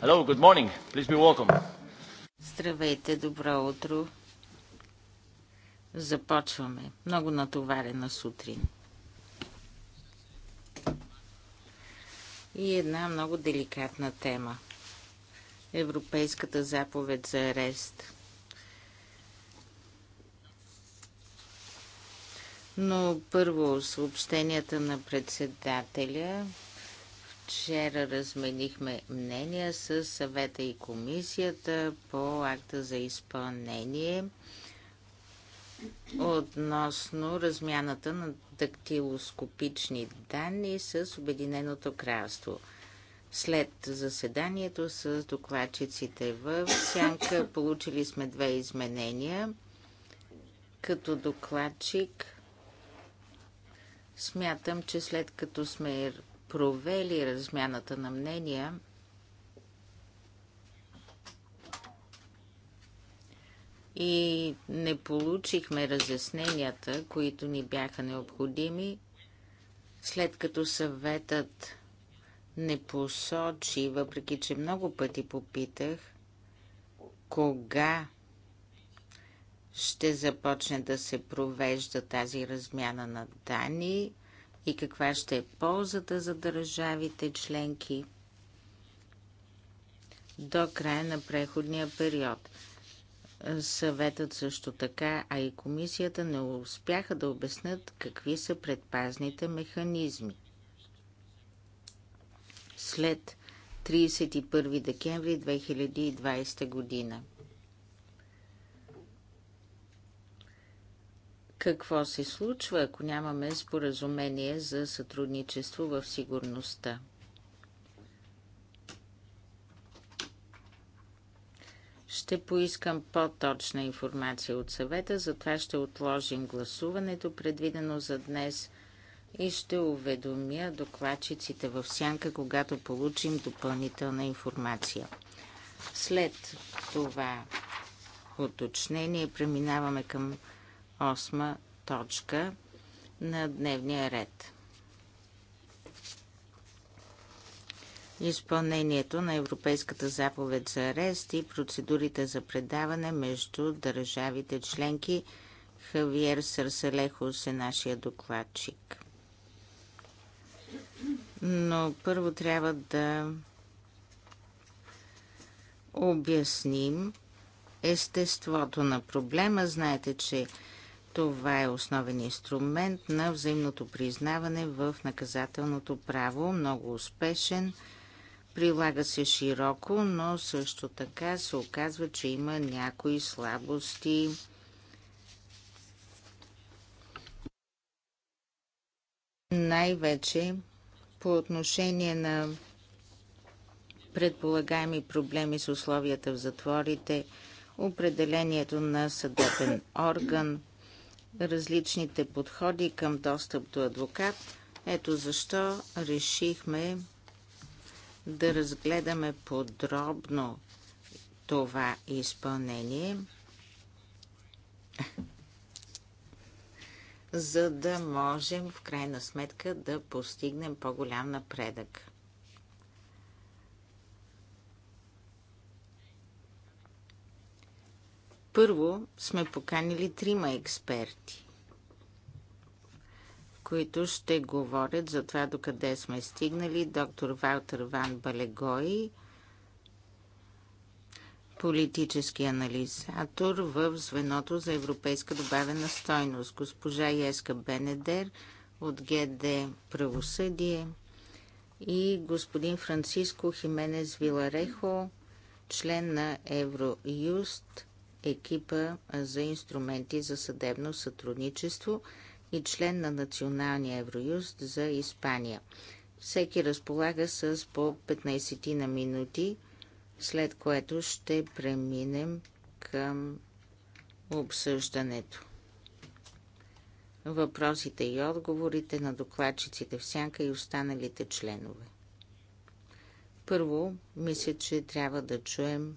Hello, good morning. Please be welcome. Здравейте, добро утро. Започваме. Много натоварена сутрин. И една много деликатна тема. Европейската заповед за арест – Но първо съобщенията на председателя. Вчера разменихме мнения с съвета и комисията по акта за изпълнение относно размяната на дактилоскопични данни с Обединеното кралство. След заседанието с докладчиците в Сянка получили сме две изменения. Като докладчик Смятам, че след като сме провели размяната на мнения, и не получихме разясненията, които ни бяха необходими, след като съветът не посочи, въпреки че много пъти попитах, кога ще започне да се провежда тази размяна на данни и каква ще е ползата за държавите членки до края на преходния период. Съветът също така, а и комисията не успяха да обяснат какви са предпазните механизми. След 31 декември 2020 година. какво се случва, ако нямаме споразумение за сътрудничество в сигурността. Ще поискам по-точна информация от съвета, затова ще отложим гласуването, предвидено за днес, и ще уведомя докладчиците в сянка, когато получим допълнителна информация. След това уточнение преминаваме към осма точка на дневния ред. Изпълнението на Европейската заповед за арест и процедурите за предаване между държавите членки Хавиер Сърселехос е нашия докладчик. Но първо трябва да обясним естеството на проблема. Знаете, че това е основен инструмент на взаимното признаване в наказателното право, много успешен. Прилага се широко, но също така се оказва, че има някои слабости. Най-вече по отношение на предполагаеми проблеми с условията в затворите, определението на съдебен орган – различните подходи към достъп до адвокат. Ето защо решихме да разгледаме подробно това изпълнение, за да можем в крайна сметка да постигнем по-голям напредък. Първо сме поканили трима експерти, които ще говорят за това докъде сме стигнали. Доктор Валтер Ван Балегой, политически анализатор в звеното за европейска добавена стойност. Госпожа Еска Бенедер от ГД Правосъдие и господин Франциско Хименес Виларехо, член на Евроюст екипа за инструменти за съдебно сътрудничество и член на Националния Евроюст за Испания. Всеки разполага с по 15 на минути, след което ще преминем към обсъждането. Въпросите и отговорите на докладчиците в сянка и останалите членове. Първо, мисля, че трябва да чуем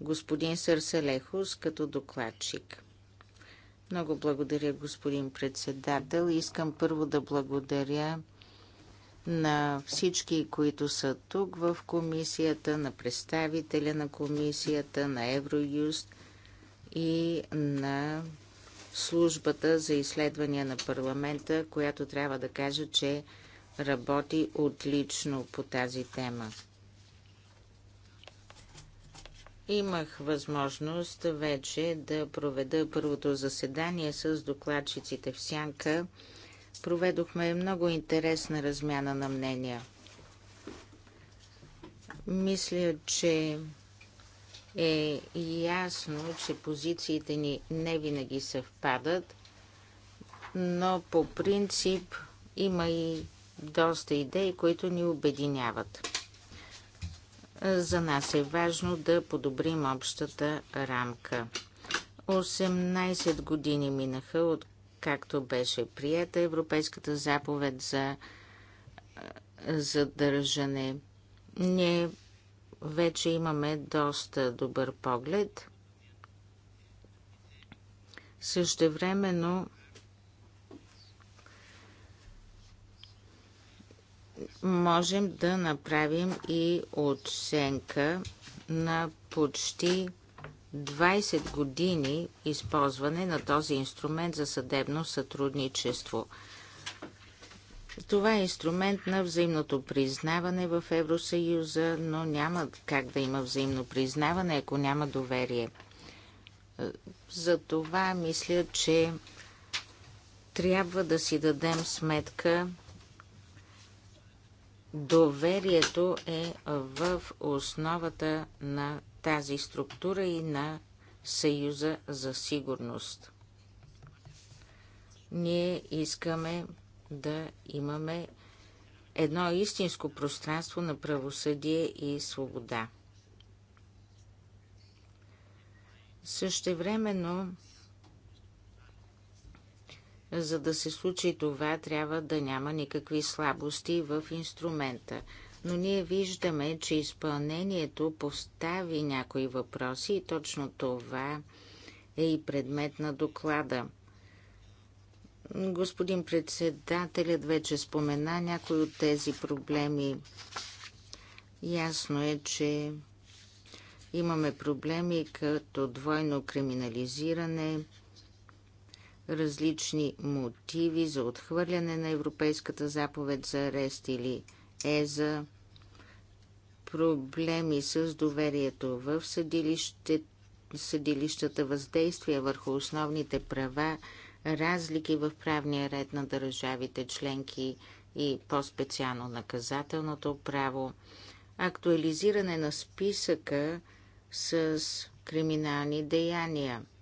господин Сърселехус като докладчик. Много благодаря, господин председател. Искам първо да благодаря на всички, които са тук в комисията, на представителя на комисията, на Евроюст и на службата за изследвания на парламента, която трябва да кажа, че работи отлично по тази тема. Имах възможност вече да проведа първото заседание с докладчиците в Сянка. Проведохме много интересна размяна на мнения. Мисля, че е ясно, че позициите ни не винаги съвпадат, но по принцип има и доста идеи, които ни обединяват. За нас е важно да подобрим общата рамка. 18 години минаха от както беше прията Европейската заповед за задържане. Ние вече имаме доста добър поглед. Същевременно можем да направим и оценка на почти 20 години използване на този инструмент за съдебно сътрудничество. Това е инструмент на взаимното признаване в Евросъюза, но няма как да има взаимно признаване, ако няма доверие. За това мисля, че трябва да си дадем сметка, Доверието е в основата на тази структура и на Съюза за сигурност. Ние искаме да имаме едно истинско пространство на правосъдие и свобода. Същевременно времено за да се случи това, трябва да няма никакви слабости в инструмента. Но ние виждаме, че изпълнението постави някои въпроси и точно това е и предмет на доклада. Господин председателят вече спомена някои от тези проблеми. Ясно е, че имаме проблеми като двойно криминализиране, различни мотиви за отхвърляне на Европейската заповед за арест или ЕЗА, проблеми с доверието в съдилище, съдилищата, въздействие върху основните права, разлики в правния ред на държавите членки и по-специално наказателното право, актуализиране на списъка с криминални деяния –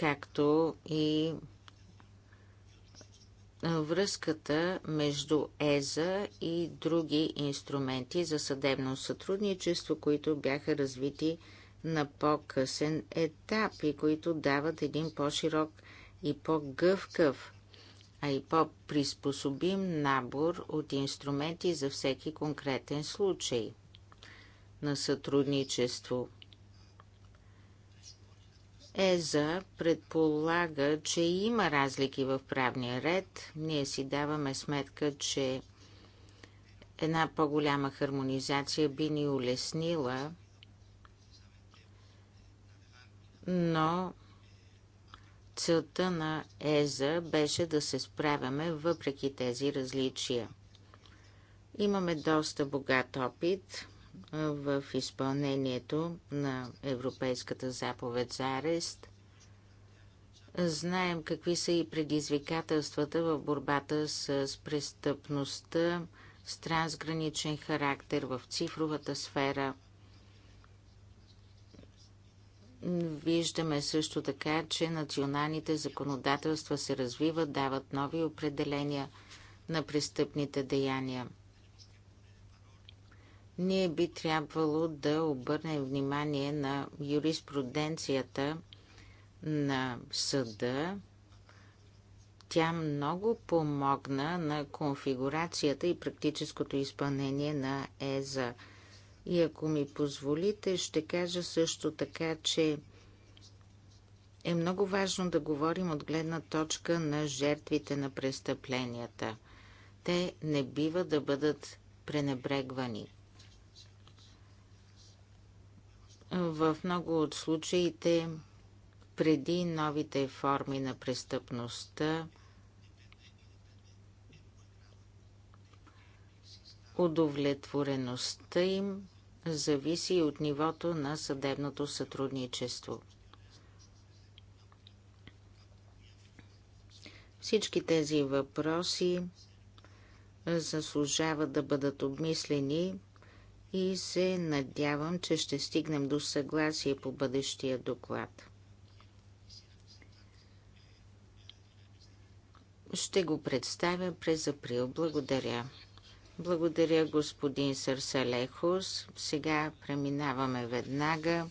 както и връзката между ЕЗА и други инструменти за съдебно сътрудничество, които бяха развити на по-късен етап и които дават един по-широк и по гъвкъв а и по-приспособим набор от инструменти за всеки конкретен случай на сътрудничество – ЕЗА предполага, че има разлики в правния ред. Ние си даваме сметка, че една по-голяма хармонизация би ни улеснила, но целта на ЕЗА беше да се справяме въпреки тези различия. Имаме доста богат опит – в изпълнението на Европейската заповед за арест. Знаем какви са и предизвикателствата в борбата с престъпността с трансграничен характер в цифровата сфера. Виждаме също така, че националните законодателства се развиват, дават нови определения на престъпните деяния ние би трябвало да обърнем внимание на юриспруденцията на съда. Тя много помогна на конфигурацията и практическото изпълнение на ЕЗА. И ако ми позволите, ще кажа също така, че е много важно да говорим от гледна точка на жертвите на престъпленията. Те не бива да бъдат пренебрегвани. В много от случаите преди новите форми на престъпността удовлетвореността им зависи от нивото на съдебното сътрудничество. Всички тези въпроси заслужават да бъдат обмислени и се надявам, че ще стигнем до съгласие по бъдещия доклад. Ще го представя през април. Благодаря. Благодаря, господин Сърсалехос. Сега преминаваме веднага,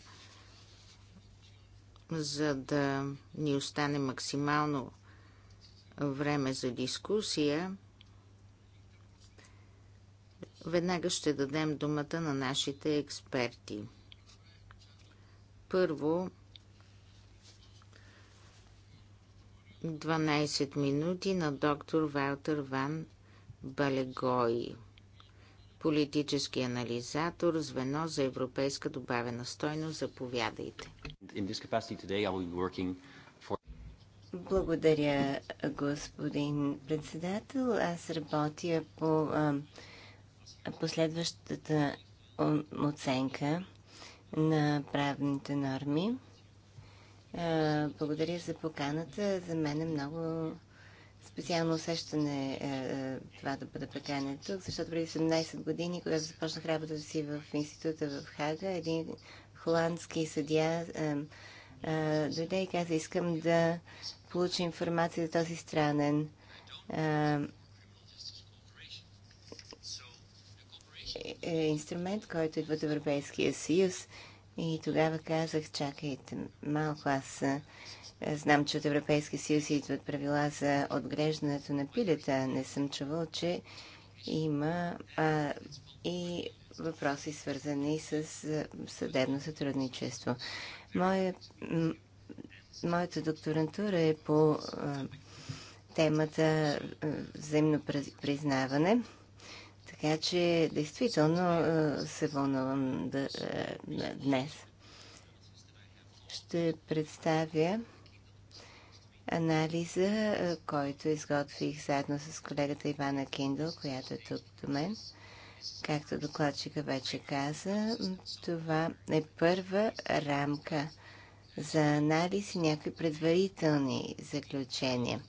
за да ни остане максимално време за дискусия. Веднага ще дадем думата на нашите експерти. Първо, 12 минути на доктор Валтер Ван Балегой, политически анализатор, звено за европейска добавена стойност. Заповядайте. Благодаря, господин председател. Аз работя по последващата оценка на правните норми. Благодаря за поканата. За мен е много специално усещане е, е това да бъда поканен тук, защото преди 17 години, когато започнах работата си в института в Хага, един холандски съдия е, е, дойде и каза, искам да получа информация за този странен е инструмент, който идва от Европейския съюз. И тогава казах, чакайте малко, аз знам, че от Европейския съюз идват правила за отглеждането на пилета. Не съм чувал, че има а, и въпроси свързани с съдебно сътрудничество. Моя, моята докторантура е по а, темата взаимно признаване. Така че, действително, е, се вълнувам да, е, днес. Ще представя анализа, е, който изготвих заедно с колегата Ивана Киндъл, която е тук до мен. Както докладчика вече каза, това е първа рамка за анализ и някои предварителни заключения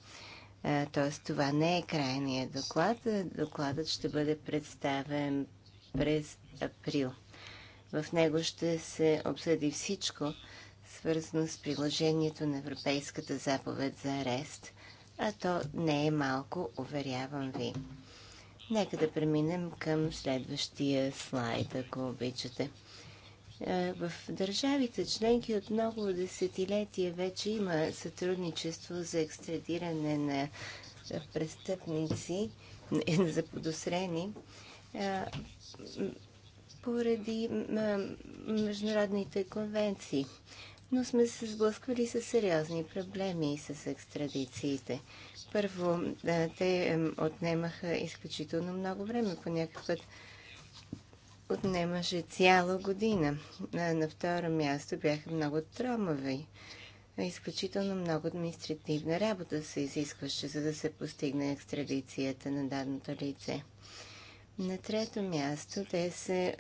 т.е. това не е крайният доклад. Е, докладът ще бъде представен през април. В него ще се обсъди всичко, свързано с приложението на Европейската заповед за арест, а то не е малко, уверявам ви. Нека да преминем към следващия слайд, ако обичате. Е, в държавите членки от много десетилетия вече има сътрудничество за екстрадиране на престъпници, е, заподозрени, е, поради международните конвенции. Но сме се сблъсквали с сериозни проблеми с екстрадициите. Първо, те отнемаха изключително много време, по някакъв път отнемаше цяла година. На второ място бяха много тромави. Изключително много административна работа се изискваше, за да се постигне екстрадицията на даденото лице. На трето място те се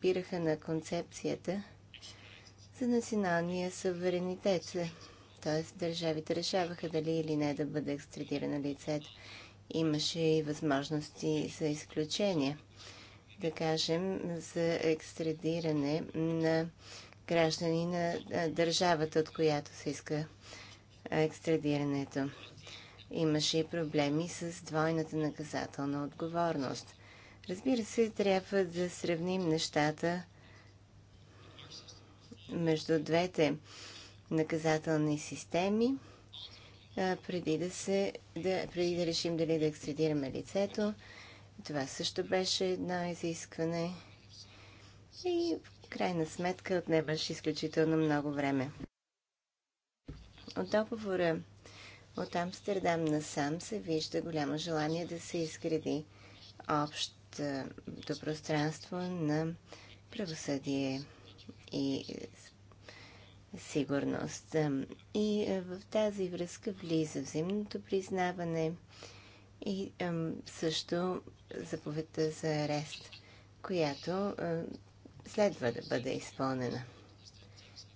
пираха на концепцията за националния суверенитет. Т.е. държавите решаваха дали или не да бъде екстрадирано лицето. Имаше и възможности за изключения – да кажем, за екстрадиране на граждани на държавата, от която се иска екстрадирането. Имаше и проблеми с двойната наказателна отговорност. Разбира се, трябва да сравним нещата между двете наказателни системи, преди да, се, да, преди да решим дали да екстрадираме лицето това също беше едно изискване. И в крайна сметка отнемаш изключително много време. От договора от Амстердам насам се вижда голямо желание да се изгради общото пространство на правосъдие и сигурност. И в тази връзка влиза взаимното признаване, и също заповедта за арест, която е, следва да бъде изпълнена.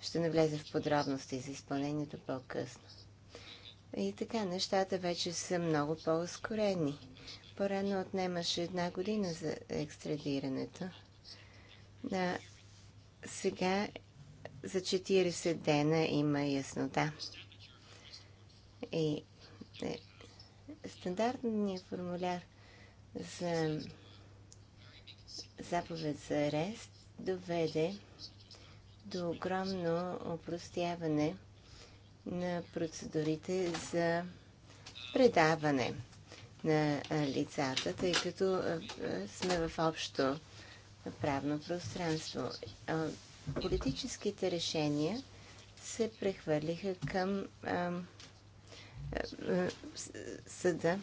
Ще навлезе в подробности за изпълнението по-късно. И така, нещата вече са много по-ускорени. По-рано отнемаше една година за екстрадирането. А, сега за 40 дена има яснота. И е, стандартния формуляр за заповед за арест доведе до огромно опростяване на процедурите за предаване на лицата, тъй като сме в общо правно пространство. Политическите решения се прехвърлиха към съда.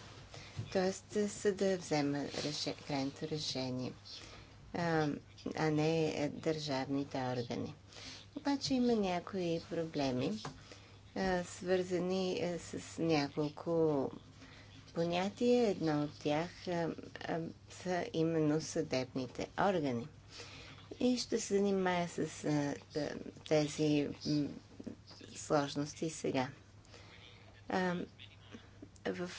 Тоест съда взема реше, крайното решение, а, а не държавните органи. Обаче има някои проблеми, а, свързани а, с няколко понятия. Едно от тях а, а, са именно съдебните органи. И ще се занимая с а, тези сложности сега в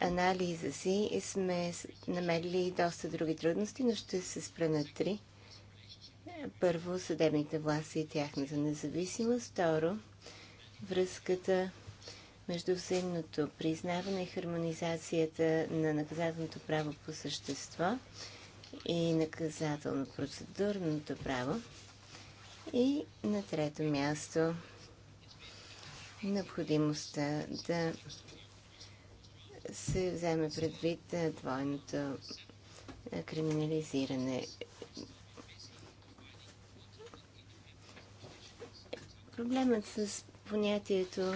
анализа си сме намерили доста други трудности, но ще се спра на три. Първо, съдебните власти и тяхната независимост. Второ, връзката между взаимното признаване и хармонизацията на наказателното право по същество и наказателно-процедурното право. И на трето място необходимостта да се вземе предвид двойното криминализиране. Проблемът с понятието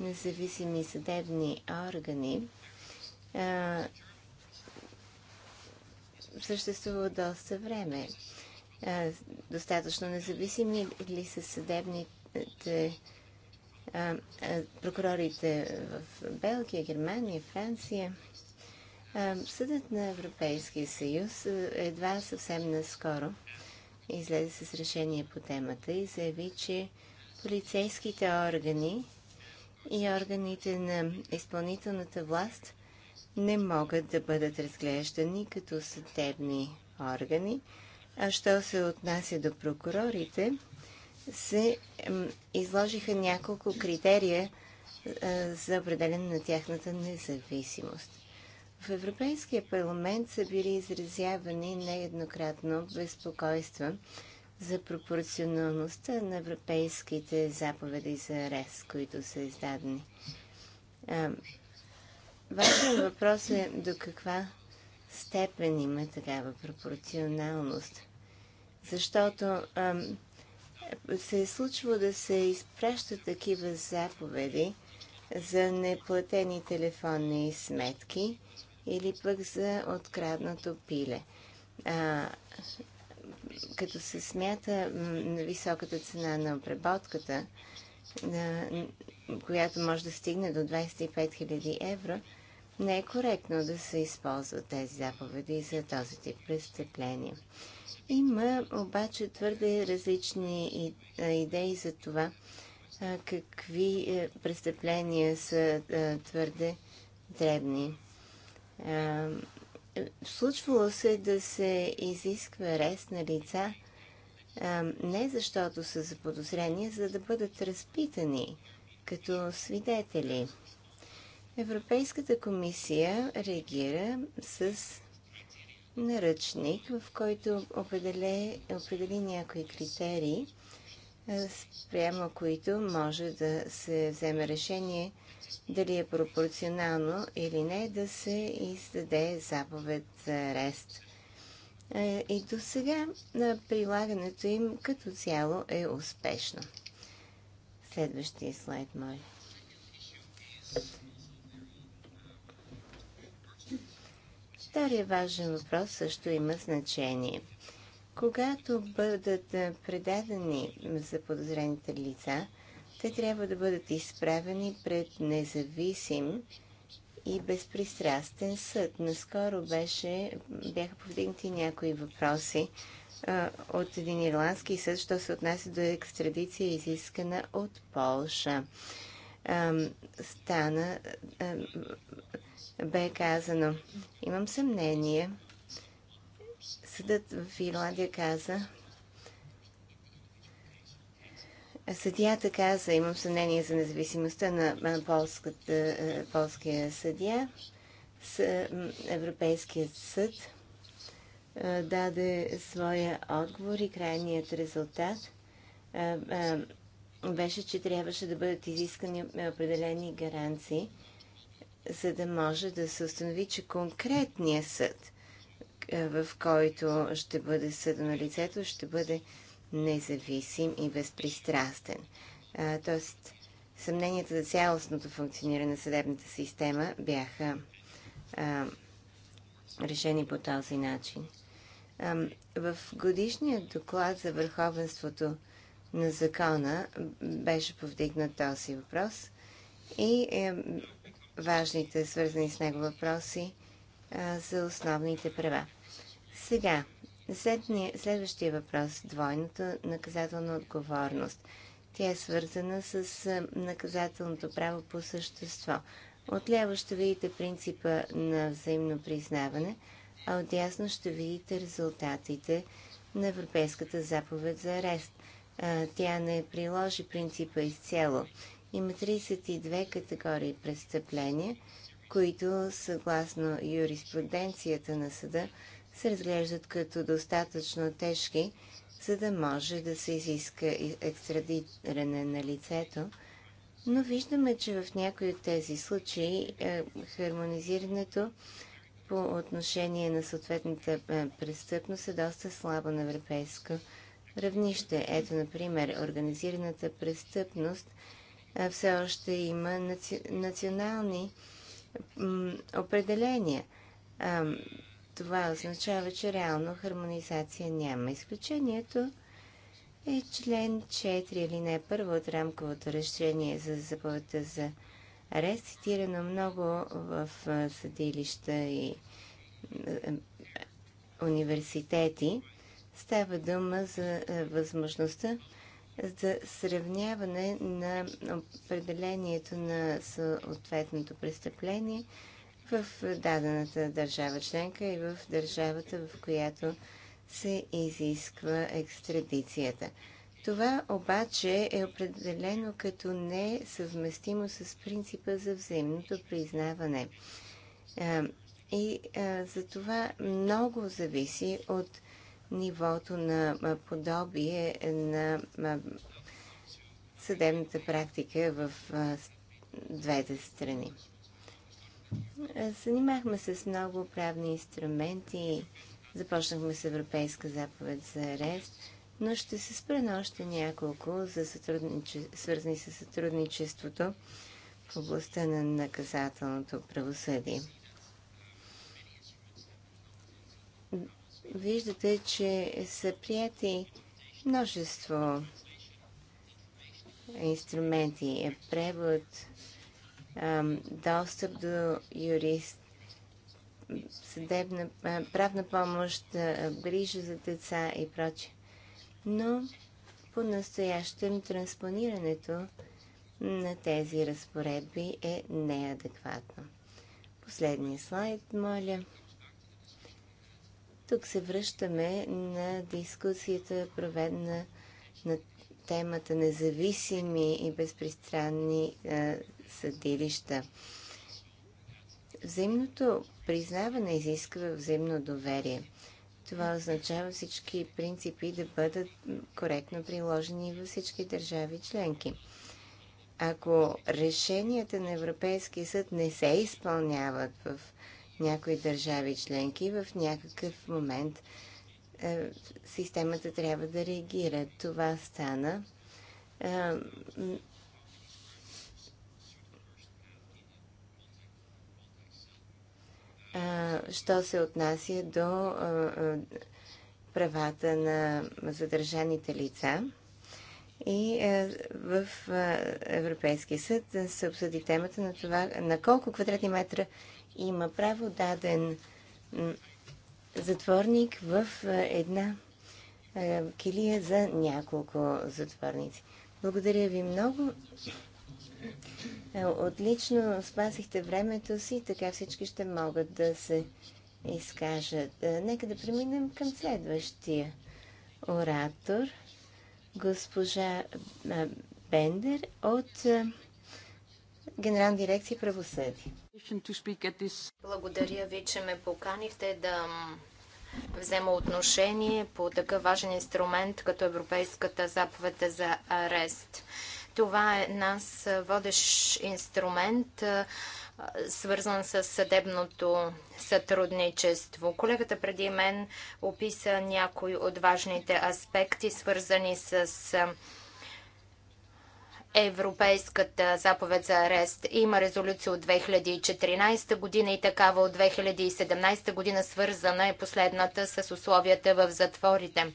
независими съдебни органи а, съществува доста време. А, достатъчно независими ли са съдебните прокурорите в Белгия, Германия, Франция. съдът на Европейския съюз едва съвсем наскоро излезе с решение по темата и заяви, че полицейските органи и органите на изпълнителната власт не могат да бъдат разглеждани като съдебни органи. А що се отнася до прокурорите, се изложиха няколко критерия е, за определен на тяхната независимост. В Европейския парламент са били изразявани нееднократно безпокойства за пропорционалността на европейските заповеди за арест, които са издадени. Е, важен въпрос е до каква степен има такава пропорционалност. Защото се е случвало да се изпращат такива заповеди за неплатени телефонни сметки или пък за откраднато пиле. А, като се смята високата цена на обработката, която може да стигне до 25 000 евро, не е коректно да се използват тези заповеди за този тип престъпления. Има обаче твърде различни идеи за това какви е, престъпления са твърде дребни. Случвало се да се изисква арест на лица не защото са заподозрени, за да бъдат разпитани като свидетели. Европейската комисия реагира с наръчник, в който определи, определи някои критерии, спрямо които може да се вземе решение дали е пропорционално или не да се издаде заповед за арест. И до сега прилагането им като цяло е успешно. Следващия слайд, мой. Втория важен въпрос също има значение. Когато бъдат предадени за подозрените лица, те трябва да бъдат изправени пред независим и безпристрастен съд. Наскоро беше, бяха повдигнати някои въпроси а, от един ирландски съд, що се отнася до екстрадиция, изискана от Полша. А, стана а, бе казано. Имам съмнение. Съдът в Ирландия каза, Съдията каза, имам съмнение за независимостта на полската, полския съдия. С, Европейският съд даде своя отговор и крайният резултат беше, че трябваше да бъдат изискани определени гаранции за да може да се установи, че конкретният съд, е, в който ще бъде съдено лицето, ще бъде независим и безпристрастен. Тоест, съмненията за цялостното функциониране на съдебната система бяха а, решени по този начин. А, в годишния доклад за върховенството на закона беше повдигнат този въпрос и е, важните, свързани с него въпроси а, за основните права. Сега, следния, следващия въпрос двойната наказателна отговорност. Тя е свързана с а, наказателното право по същество. Отляво ще видите принципа на взаимно признаване, а отясно ще видите резултатите на Европейската заповед за арест. А, тя не приложи принципа изцяло има 32 категории престъпления, които съгласно юриспруденцията на съда се разглеждат като достатъчно тежки, за да може да се изиска екстрадиране на лицето, но виждаме, че в някои от тези случаи е, хармонизирането по отношение на съответната е, престъпност е доста слабо на европейско равнище. Ето, например, организираната престъпност – все още има наци... национални определения. Това означава, че реално хармонизация няма. Изключението е член 4 или не първо от рамковото решение за заповедта за арест, цитирано много в съдилища и университети. Става дума за възможността за сравняване на определението на съответното престъпление в дадената държава членка и в държавата, в която се изисква екстрадицията. Това обаче е определено като несъвместимо с принципа за взаимното признаване. И за това много зависи от нивото на подобие на съдебната практика в двете страни. Занимахме се с много правни инструменти, започнахме с Европейска заповед за арест, но ще се спра на още няколко, за сътрудниче... свързани с сътрудничеството в областта на наказателното правосъдие. виждате, че са прияти множество инструменти. Превод, достъп до юрист, съдебна, правна помощ, грижа за деца и прочее. Но по-настоящем транспонирането на тези разпоредби е неадекватно. Последния слайд, моля. Тук се връщаме на дискусията, проведена на темата независими и безпристранни е, съдилища. Взаимното признаване изисква взаимно доверие. Това означава всички принципи да бъдат коректно приложени във всички държави членки. Ако решенията на Европейския съд не се изпълняват в някои държави членки в някакъв момент е, системата трябва да реагира. Това стана. Е, е, що се отнася до правата на задържаните лица. И в Европейския съд се обсъди темата на това на колко квадратни метра има право даден затворник в една килия за няколко затворници. Благодаря ви много. Отлично спасихте времето си, така всички ще могат да се изкажат. Нека да преминем към следващия оратор, госпожа Бендер от Генерална дирекция правосъдие. Благодаря ви, че ме поканихте да взема отношение по такъв важен инструмент, като Европейската заповед за арест. Това е нас водещ инструмент, свързан с съдебното сътрудничество. Колегата преди мен описа някои от важните аспекти, свързани с Европейската заповед за арест. Има резолюция от 2014 година и такава от 2017 година, свързана е последната с условията в затворите.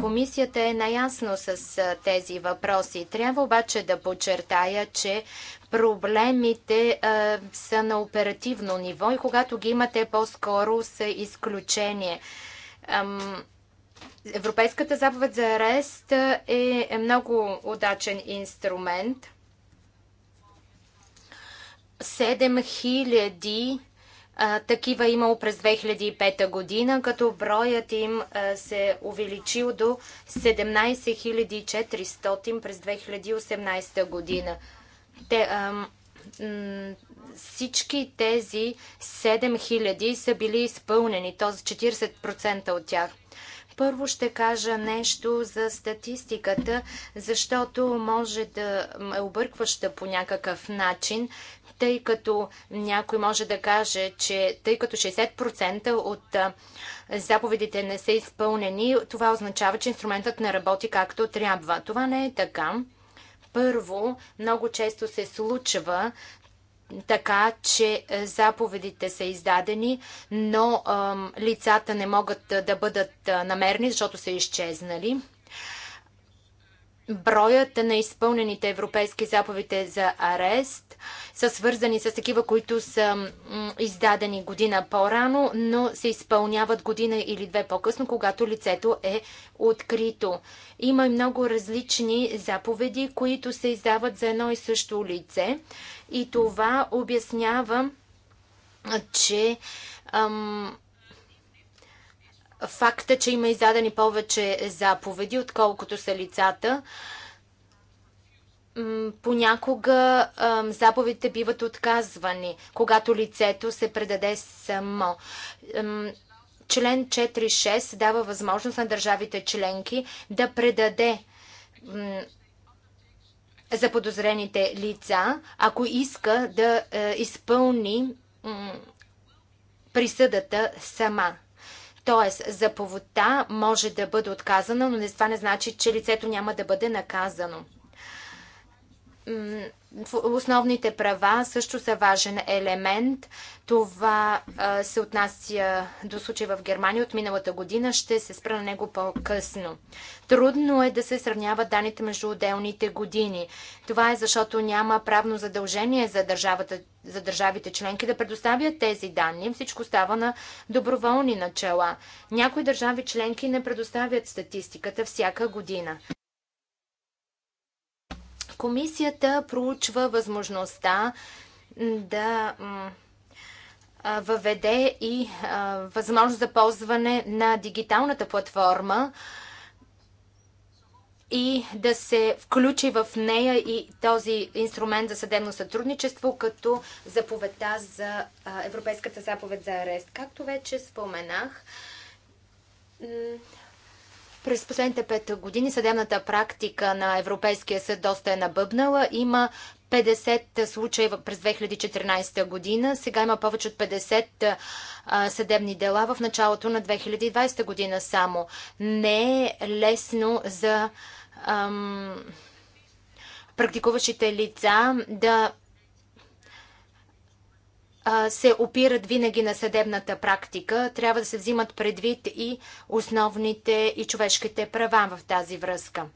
Комисията е наясно с тези въпроси. Трябва обаче да подчертая, че проблемите а, са на оперативно ниво и когато ги имате, по-скоро са изключение. Ам, Европейската заповед за арест е, е много удачен инструмент. 7000 а, такива е имало през 2005 година, като броят им се увеличил до 17400 през 2018 година. Те, а, всички тези 7000 са били изпълнени, т.е. 40% от тях. Първо ще кажа нещо за статистиката, защото може да е объркваща по някакъв начин, тъй като някой може да каже, че тъй като 60% от заповедите не са изпълнени, това означава, че инструментът не работи както трябва. Това не е така. Първо, много често се случва така че е, заповедите са издадени, но лицата не могат е, да бъдат е, намерени, защото са изчезнали броят на изпълнените европейски заповеди за арест са свързани с такива, които са издадени година по-рано, но се изпълняват година или две по-късно, когато лицето е открито. Има и много различни заповеди, които се издават за едно и също лице и това обяснява, че ам, факта, че има издадени повече заповеди, отколкото са лицата. Понякога заповедите биват отказвани, когато лицето се предаде само. Член 4.6 дава възможност на държавите членки да предаде за подозрените лица, ако иска да е, изпълни присъдата сама. Тоест, заповедта може да бъде отказана, но това не значи, че лицето няма да бъде наказано. Основните права също са важен елемент. Това се отнася до случая в Германия от миналата година. Ще се спра на него по-късно. Трудно е да се сравняват данните между отделните години. Това е защото няма правно задължение за, държавата, за държавите членки да предоставят тези данни. Всичко става на доброволни начала. Някои държави членки не предоставят статистиката всяка година. Комисията проучва възможността да въведе и възможност за ползване на дигиталната платформа и да се включи в нея и този инструмент за съдебно сътрудничество като заповедта за Европейската заповед за арест. Както вече споменах, през последните пет години съдебната практика на Европейския съд доста е набъбнала. Има 50 случая през 2014 година. Сега има повече от 50 съдебни дела в началото на 2020 година само. Не е лесно за ам, практикуващите лица да се опират винаги на съдебната практика, трябва да се взимат предвид и основните и човешките права в тази връзка.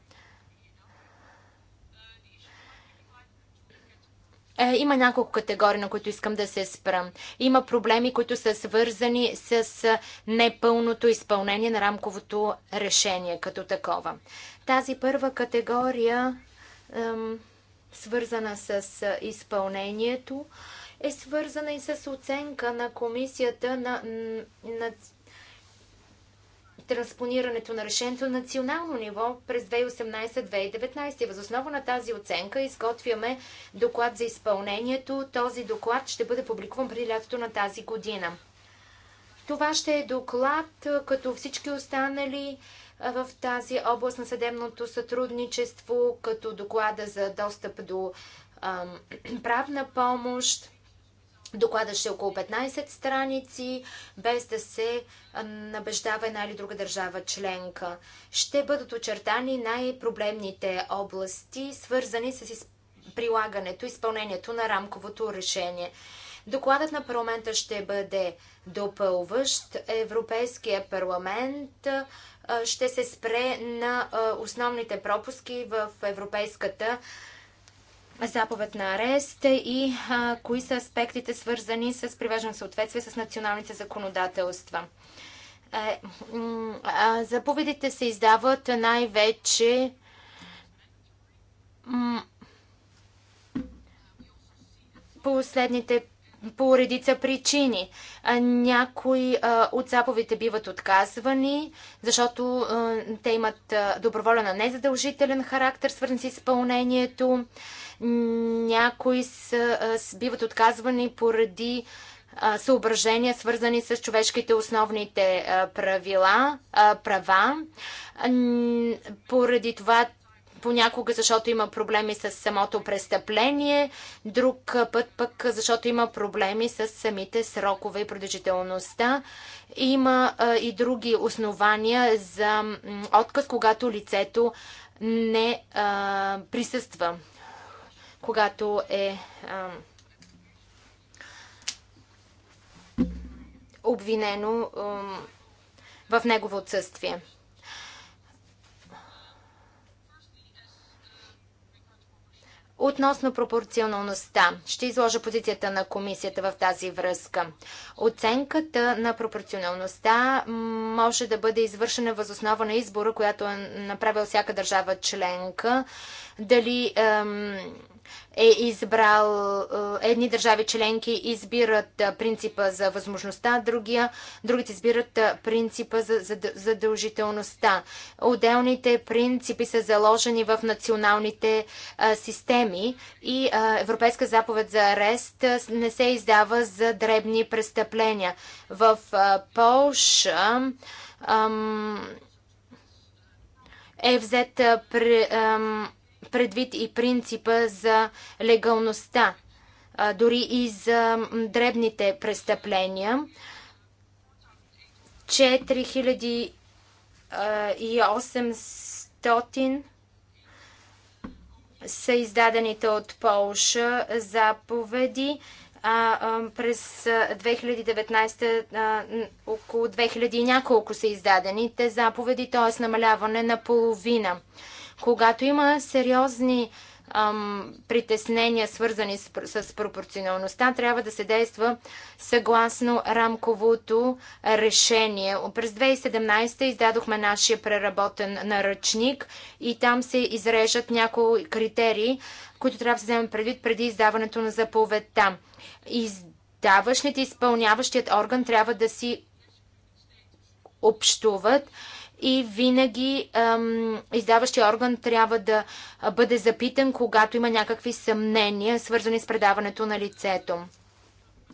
Е, има няколко категории, на които искам да се спра. Има проблеми, които са свързани с непълното изпълнение на рамковото решение като такова. Тази първа категория, свързана с изпълнението, е свързана и с оценка на комисията на, на транспонирането на решението на национално ниво през 2018-2019. Възоснова на тази оценка изготвяме доклад за изпълнението. Този доклад ще бъде публикуван преди лятото на тази година. Това ще е доклад, като всички останали в тази област на съдебното сътрудничество, като доклада за достъп до ам, правна помощ, Докладът ще е около 15 страници, без да се набеждава една или друга държава членка. Ще бъдат очертани най-проблемните области, свързани с прилагането, изпълнението на рамковото решение. Докладът на парламента ще бъде допълващ. Европейския парламент ще се спре на основните пропуски в европейската заповед на арест и а, кои са аспектите свързани с привеждане в съответствие с националните законодателства. Е, заповедите се издават най-вече последните по редица причини. Някои от заповедите биват отказвани, защото те имат доброволен, а не задължителен характер, свързан с изпълнението. Някои са, биват отказвани поради съображения, свързани с човешките основните правила, права, поради това, понякога защото има проблеми с самото престъпление, друг път пък защото има проблеми с самите срокове и продължителността. Има а, и други основания за отказ, когато лицето не а, присъства, когато е а, обвинено а, в негово отсъствие. Относно пропорционалността, ще изложа позицията на комисията в тази връзка. Оценката на пропорционалността може да бъде извършена възоснова на избора, която е направил всяка държава членка. Дали ем, е избрал, е, едни държави членки избират принципа за възможността, другия, другите избират принципа за задължителността. Отделните принципи са заложени в националните системи и Европейска заповед за арест не се издава за дребни престъпления. В Полша е взет при, предвид и принципа за легалността, дори и за дребните престъпления. 4800 са издадените от Полша заповеди, а през 2019 около 2000 и няколко са издадените заповеди, т.е. намаляване на половина. Когато има сериозни ам, притеснения, свързани с, с пропорционалността, трябва да се действа съгласно рамковото решение. През 2017 издадохме нашия преработен наръчник и там се изрежат някои критерии, които трябва да се вземат предвид преди издаването на заповедта. Издаващите, изпълняващият орган трябва да си общуват и винаги ам, издаващия орган трябва да бъде запитан, когато има някакви съмнения, свързани с предаването на лицето.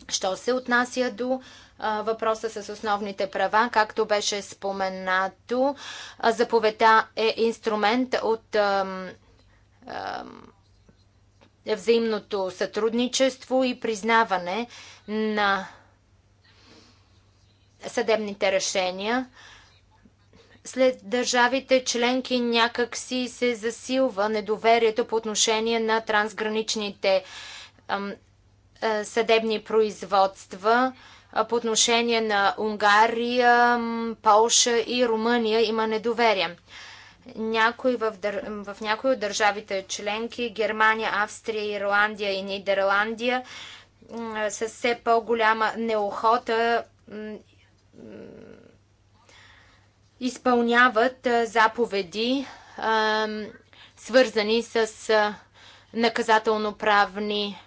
Що се отнася до а, въпроса с основните права, както беше споменато, заповедта е инструмент от ам, ам, взаимното сътрудничество и признаване на съдебните решения след държавите членки някак си се засилва недоверието по отношение на трансграничните съдебни производства. По отношение на Унгария, Полша и Румъния има недоверие. Някой в, в някои от държавите членки, Германия, Австрия, Ирландия и Нидерландия, с все по-голяма неохота изпълняват заповеди, свързани с наказателно-правни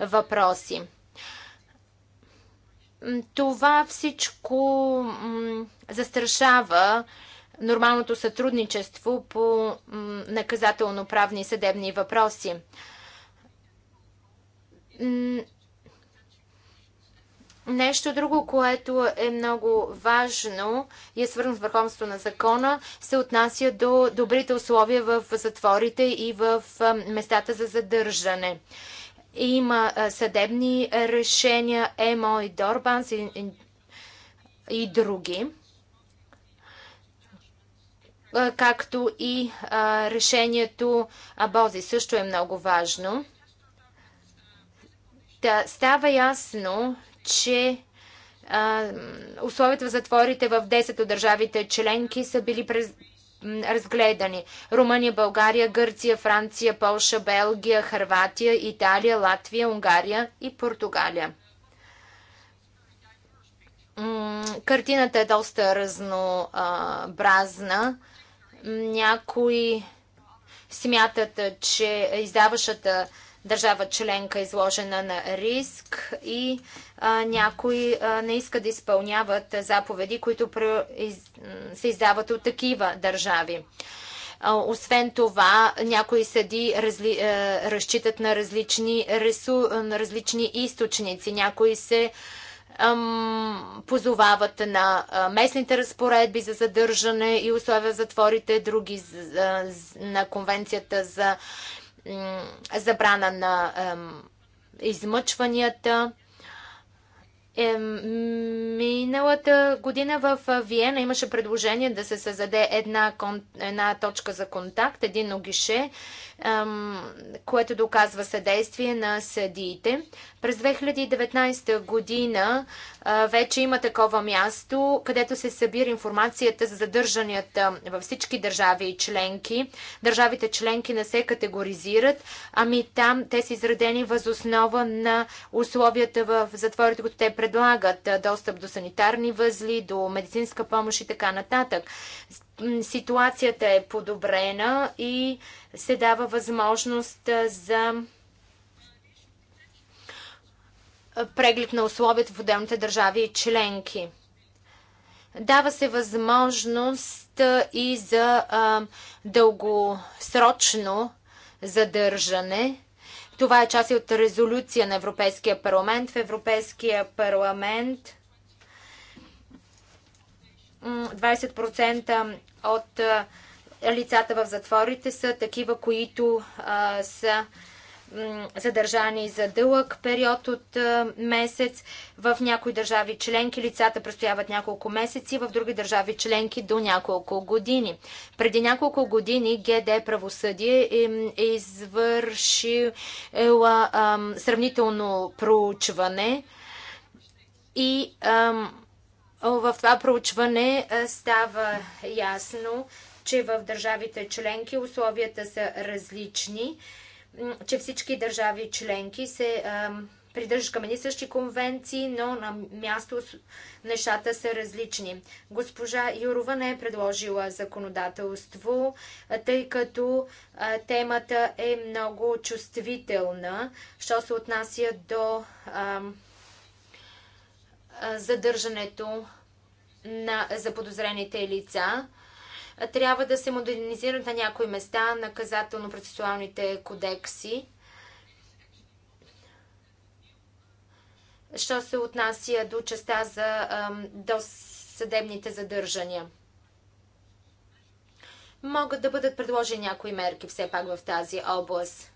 въпроси. Това всичко застрашава нормалното сътрудничество по наказателно-правни съдебни въпроси. Нещо друго, което е много важно и е свързано с върховенството на закона, се отнася до добрите условия в затворите и в местата за задържане. Има съдебни решения ЕМО и Дорбанс и, и, и други, както и а, решението Абози също е много важно. Да, става ясно, че а, условията в затворите в 10 от държавите членки са били през, разгледани. Румъния, България, Гърция, Франция, Полша, Белгия, Харватия, Италия, Латвия, Унгария и Португалия. Картината е доста разнообразна. Някои смятат, че издаващата държава членка е изложена на риск и а, някой а, не иска да изпълняват заповеди, които се издават от такива държави. Освен това, някои съди разли, разчитат на различни, ресу, на различни източници, някои се позовават на местните разпоредби за задържане и условия затворите, други на конвенцията за забрана на измъчванията, е, миналата година в Виена имаше предложение да се създаде една, кон, една точка за контакт, един огише, е, което доказва съдействие на съдиите. През 2019 година е, вече има такова място, където се събира информацията за задържанията във всички държави и членки. Държавите членки не се категоризират, ами там те са изредени възоснова на условията в затворите, които те предлагат достъп до санитарни възли, до медицинска помощ и така нататък. Ситуацията е подобрена и се дава възможност за преглед на условията в отделните държави и членки. Дава се възможност и за а, дългосрочно задържане това е част от резолюция на Европейския парламент. В Европейския парламент 20% от лицата в затворите са такива, които а, са задържани за дълъг период от месец. В някои държави членки лицата престояват няколко месеци, в други държави членки до няколко години. Преди няколко години ГД Правосъдие е извършила сравнително проучване и в това проучване става ясно, че в държавите членки условията са различни че всички държави членки се придържат към едни същи конвенции, но на място нещата са различни. Госпожа Юрова не е предложила законодателство, тъй като темата е много чувствителна, що се отнася до задържането на заподозрените лица. Трябва да се модернизират на някои места наказателно-процесуалните кодекси. Що се отнася до частта за досъдебните задържания? Могат да бъдат предложени някои мерки все пак в тази област.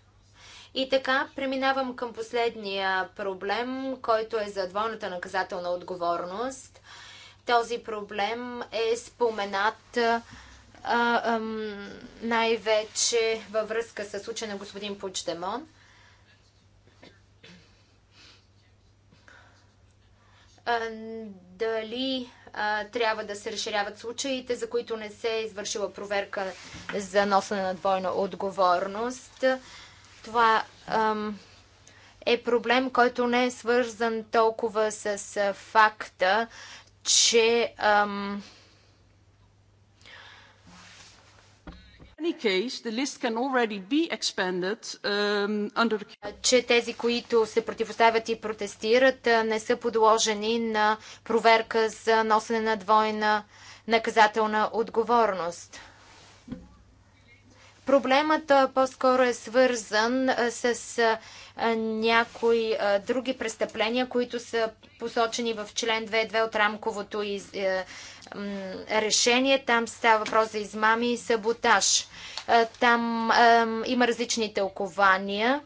И така, преминавам към последния проблем, който е за двойната наказателна отговорност. Този проблем е споменат най-вече във връзка с случая на господин Почтемон. Дали трябва да се разширяват случаите, за които не се е извършила проверка за носене на двойна отговорност. Това е проблем, който не е свързан толкова с факта, че ам, че тези, които се противоставят и протестират, не са подложени на проверка за носене на двойна наказателна отговорност. Проблемът по-скоро е свързан с някои други престъпления, които са посочени в член 2.2 от рамковото изменение решение. Там става въпрос за измами и саботаж. Там има различни тълкования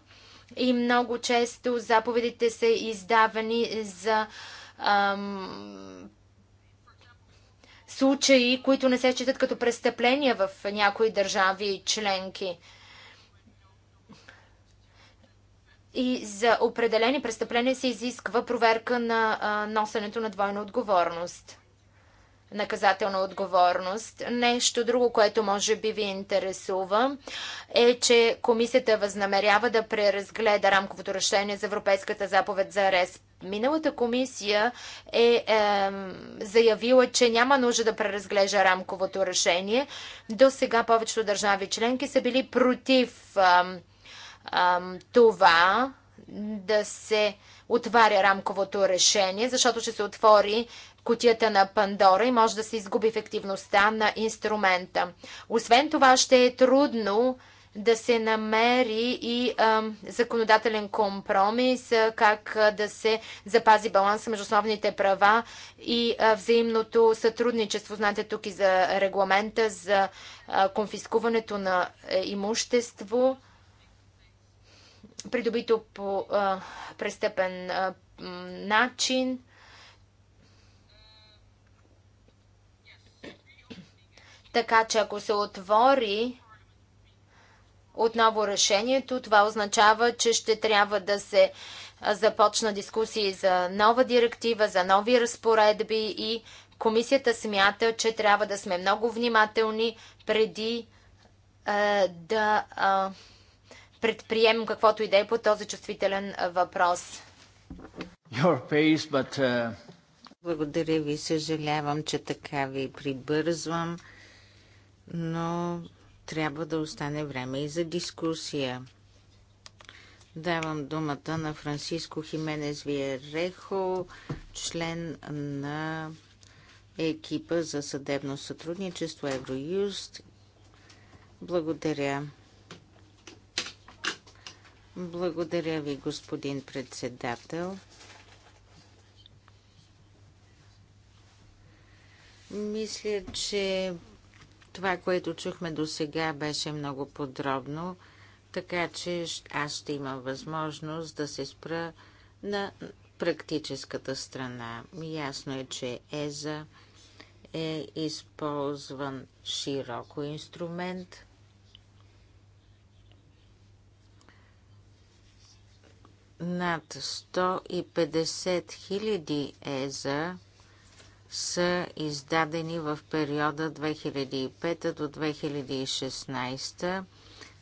и много често заповедите са издавани за случаи, които не се считат като престъпления в някои държави и членки. И за определени престъпления се изисква проверка на а, носенето на двойна отговорност наказателна отговорност. Нещо друго, което може би ви интересува, е, че комисията възнамерява да преразгледа рамковото решение за Европейската заповед за арест. Миналата комисия е, е заявила, че няма нужда да преразглежда рамковото решение. До сега повечето държави членки са били против е, е, това да се отваря рамковото решение, защото ще се отвори кутията на Пандора и може да се изгуби ефективността на инструмента. Освен това ще е трудно да се намери и а, законодателен компромис, а, как а, да се запази баланса между основните права и а, взаимното сътрудничество. Знаете тук и за регламента за а, конфискуването на а, е, имущество, придобито по а, престъпен а, начин. Така че ако се отвори отново решението, това означава, че ще трябва да се започна дискусии за нова директива, за нови разпоредби и комисията смята, че трябва да сме много внимателни преди е, да е, предприемем каквото и да е по този чувствителен въпрос. but, uh... Благодаря ви, съжалявам, че така ви прибързвам но трябва да остане време и за дискусия. Давам думата на Франциско Хименес Виерехо, член на екипа за съдебно сътрудничество Евроюст. Благодаря. Благодаря ви, господин председател. Мисля, че това, което чухме до сега, беше много подробно, така че аз ще имам възможност да се спра на практическата страна. Ясно е, че ЕЗА е използван широко инструмент. Над 150 000 ЕЗА са издадени в периода 2005 до 2016.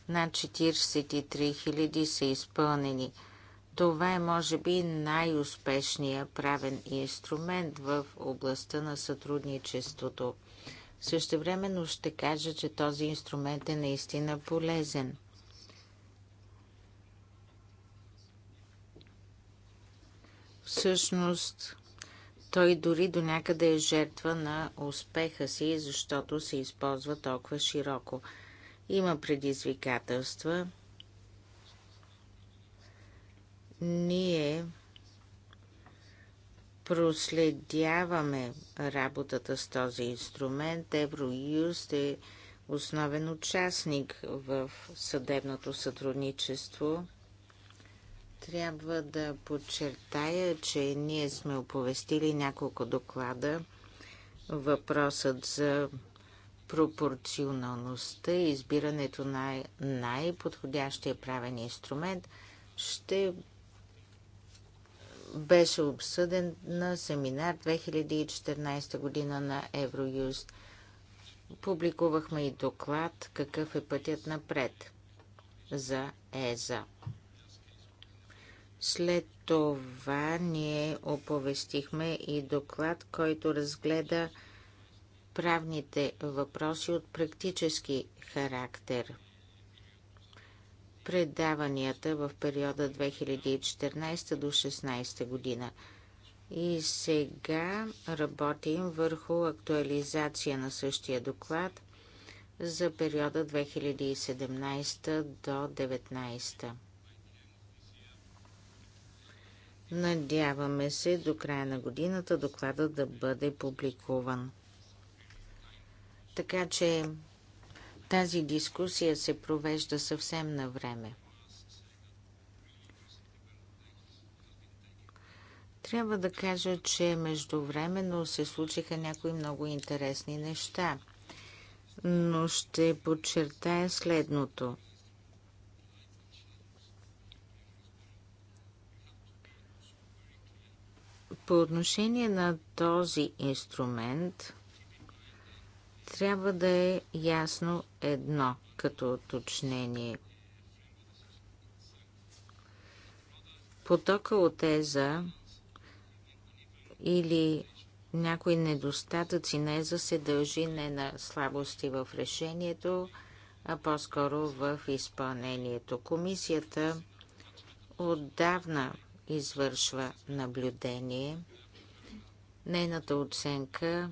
Над 43 000 са изпълнени. Това е, може би, най-успешният правен инструмент в областта на сътрудничеството. Същевременно ще кажа, че този инструмент е наистина полезен. Всъщност, той дори до някъде е жертва на успеха си, защото се използва толкова широко. Има предизвикателства. Ние проследяваме работата с този инструмент. Евроюст е основен участник в съдебното сътрудничество – трябва да подчертая, че ние сме оповестили няколко доклада. Въпросът за пропорционалността и избирането на най-подходящия правен инструмент ще беше обсъден на семинар 2014 година на Евроюст. Публикувахме и доклад «Какъв е пътят напред» за ЕЗА. След това ние оповестихме и доклад, който разгледа правните въпроси от практически характер. Предаванията в периода 2014 до 2016 година. И сега работим върху актуализация на същия доклад за периода 2017 до 2019. Надяваме се до края на годината доклада да бъде публикуван. Така че тази дискусия се провежда съвсем на време. Трябва да кажа, че междувременно се случиха някои много интересни неща, но ще подчертая следното – По отношение на този инструмент трябва да е ясно едно като уточнение. Потока от еза или някои недостатъци на еза се дължи не на слабости в решението, а по-скоро в изпълнението. Комисията отдавна извършва наблюдение. Нейната оценка,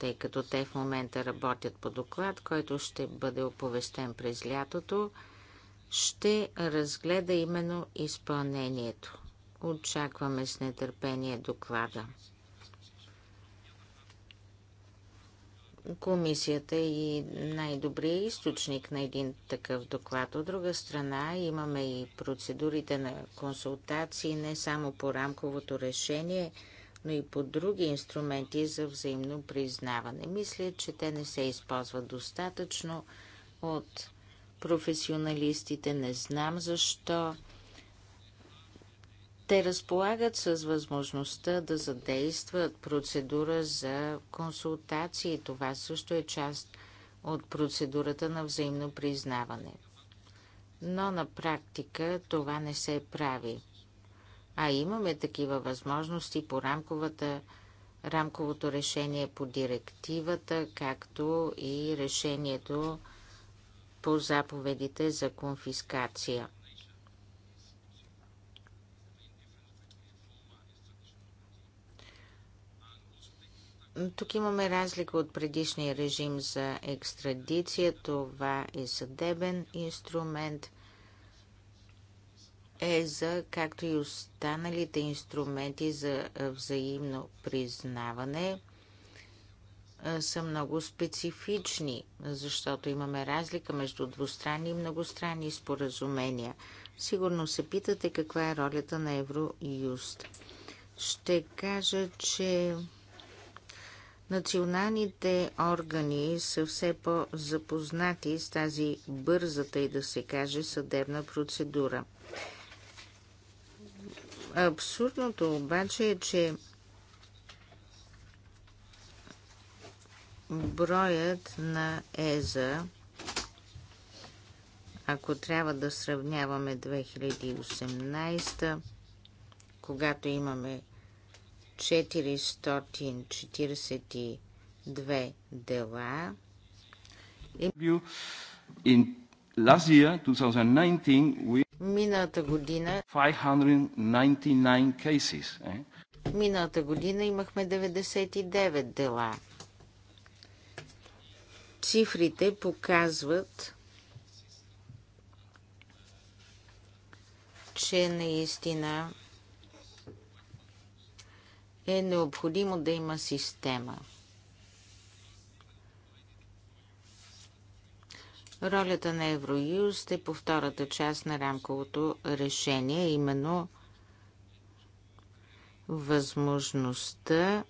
тъй като те в момента работят по доклад, който ще бъде оповестен през лятото, ще разгледа именно изпълнението. Очакваме с нетърпение доклада. Комисията е и най-добрият източник на един такъв доклад. От друга страна, имаме и процедурите на консултации не само по рамковото решение, но и по други инструменти за взаимно признаване. Мисля, че те не се използват достатъчно от професионалистите. Не знам защо. Те разполагат с възможността да задействат процедура за консултации. Това също е част от процедурата на взаимно признаване. Но на практика това не се прави. А имаме такива възможности по рамковата, рамковото решение по директивата, както и решението по заповедите за конфискация – Тук имаме разлика от предишния режим за екстрадиция. Това е съдебен инструмент. Е за, както и останалите инструменти за взаимно признаване, са много специфични, защото имаме разлика между двустранни и многостранни споразумения. Сигурно се питате каква е ролята на Евроюст. Ще кажа, че Националните органи са все по-запознати с тази бързата и да се каже съдебна процедура. Абсурдното обаче е, че броят на ЕЗА, ако трябва да сравняваме 2018, когато имаме 442 дела. In last year, 2019, we... Миналата година 599 cases. Eh? Миналата година имахме 99 дела. Цифрите показват, че наистина е необходимо да има система. Ролята на Евроюст е по втората част на рамковото решение, именно възможността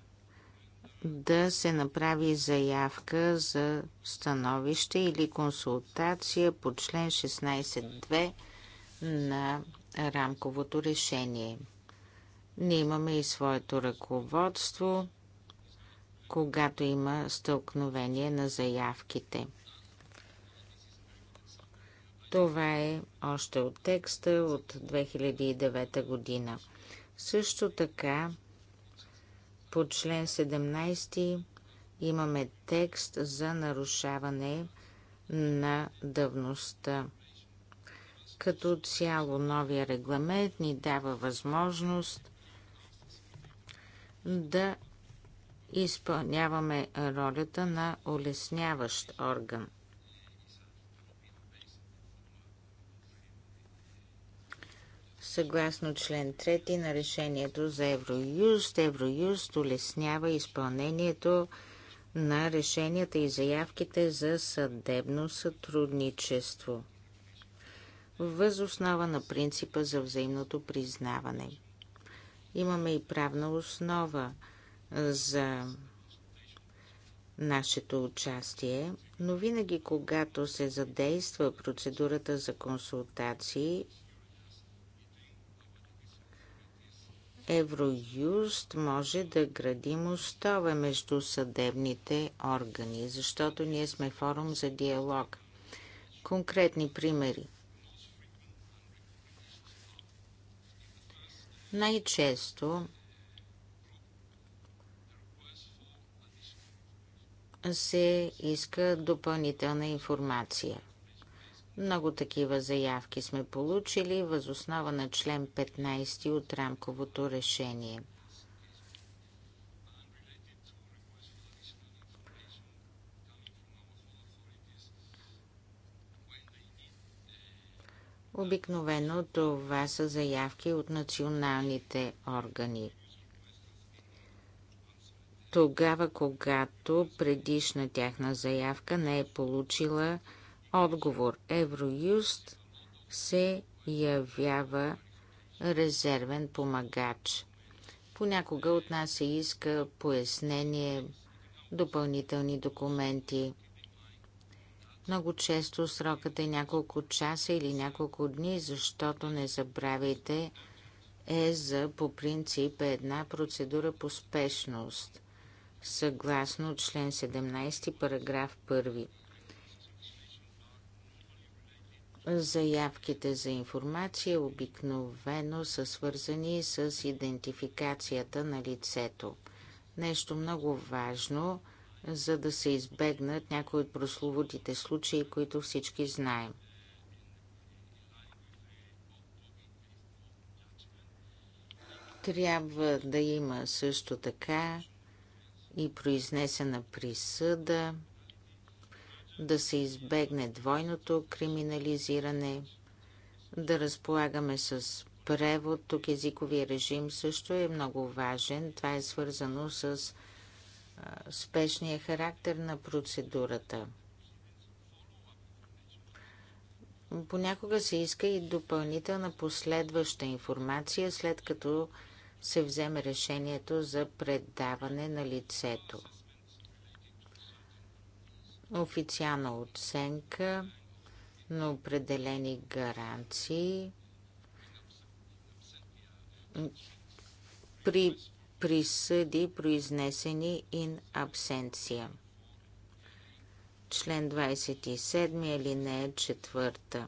да се направи заявка за становище или консултация по член 16.2 на рамковото решение. Ние имаме и своето ръководство, когато има стълкновение на заявките. Това е още от текста от 2009 година. Също така по член 17 имаме текст за нарушаване на давността. Като цяло новия регламент ни дава възможност да изпълняваме ролята на улесняващ орган. Съгласно член 3 на решението за Евроюст, Евроюст улеснява изпълнението на решенията и заявките за съдебно сътрудничество въз основа на принципа за взаимното признаване. Имаме и правна основа за нашето участие, но винаги, когато се задейства процедурата за консултации, Евроюст може да гради мостове между съдебните органи, защото ние сме форум за диалог. Конкретни примери – Най-често се иска допълнителна информация. Много такива заявки сме получили възоснова на член 15 от рамковото решение – Обикновено това са заявки от националните органи. Тогава, когато предишна тяхна заявка не е получила отговор, Евроюст се явява резервен помагач. Понякога от нас се иска пояснение, допълнителни документи – много често срокът е няколко часа или няколко дни, защото не забравяйте е за по принцип една процедура по спешност, съгласно член 17, параграф 1. Заявките за информация обикновено са свързани с идентификацията на лицето. Нещо много важно – за да се избегнат някои от прословутите случаи, които всички знаем. Трябва да има също така и произнесена присъда, да се избегне двойното криминализиране, да разполагаме с превод. Тук езиковия режим също е много важен. Това е свързано с спешния характер на процедурата. Понякога се иска и допълнителна последваща информация, след като се вземе решението за предаване на лицето. Официална оценка на определени гаранции при присъди, произнесени in absentia. Член 27, алинея 4.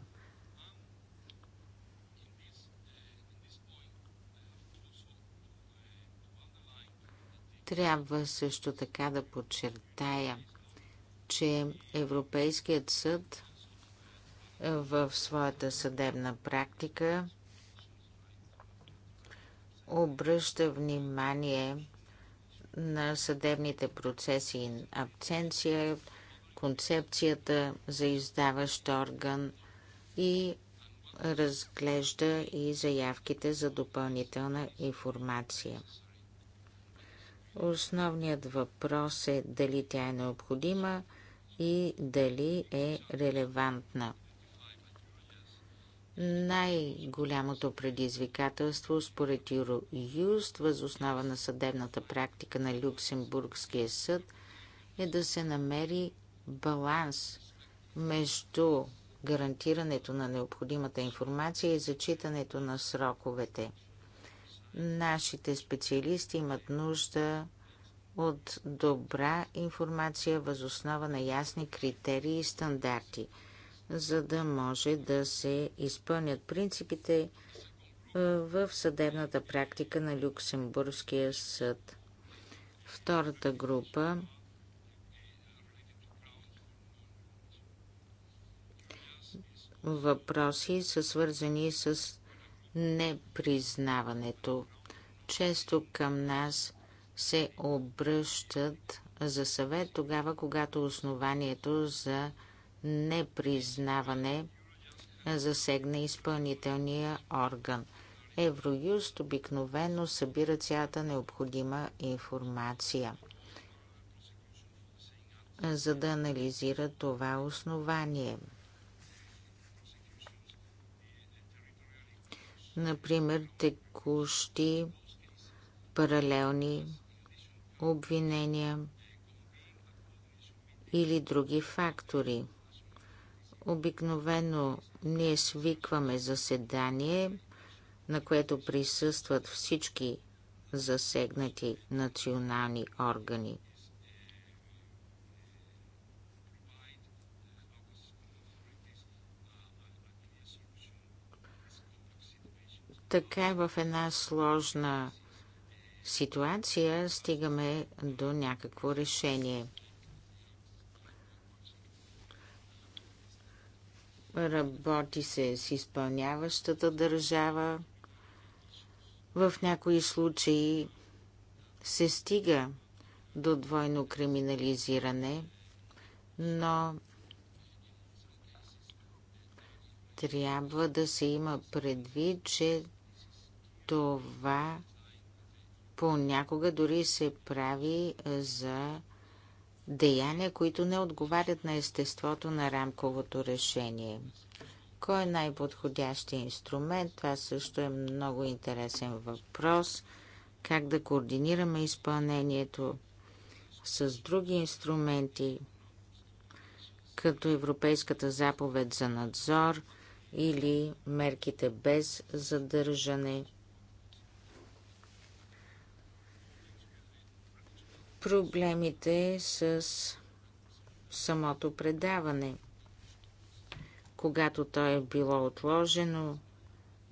Трябва също така да подчертая, че Европейският съд в своята съдебна практика обръща внимание на съдебните процеси и абценция, концепцията за издаващ орган и разглежда и заявките за допълнителна информация. Основният въпрос е дали тя е необходима и дали е релевантна. Най-голямото предизвикателство според Юст възоснова на съдебната практика на Люксембургския съд, е да се намери баланс между гарантирането на необходимата информация и зачитането на сроковете. Нашите специалисти имат нужда от добра информация възоснова на ясни критерии и стандарти – за да може да се изпълнят принципите е, в съдебната практика на Люксембургския съд. Втората група въпроси са свързани с непризнаването. Често към нас се обръщат за съвет тогава, когато основанието за непризнаване засегне изпълнителния орган. Евроюст обикновено събира цялата необходима информация, за да анализира това основание. Например, текущи паралелни обвинения или други фактори – Обикновено ние свикваме заседание, на което присъстват всички засегнати национални органи. Така е в една сложна ситуация стигаме до някакво решение – Работи се с изпълняващата държава. В някои случаи се стига до двойно криминализиране, но трябва да се има предвид, че това понякога дори се прави за деяния, които не отговарят на естеството на рамковото решение. Кой е най-подходящият инструмент? Това също е много интересен въпрос. Как да координираме изпълнението с други инструменти, като Европейската заповед за надзор или мерките без задържане – проблемите с самото предаване. Когато то е било отложено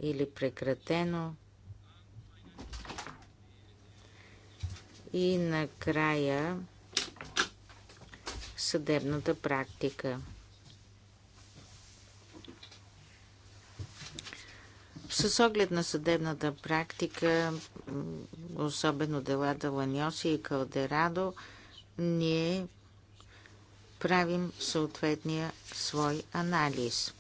или прекратено. И накрая съдебната практика. С оглед на съдебната практика, особено делата Ланьоси и Калдерадо, ние правим съответния свой анализ.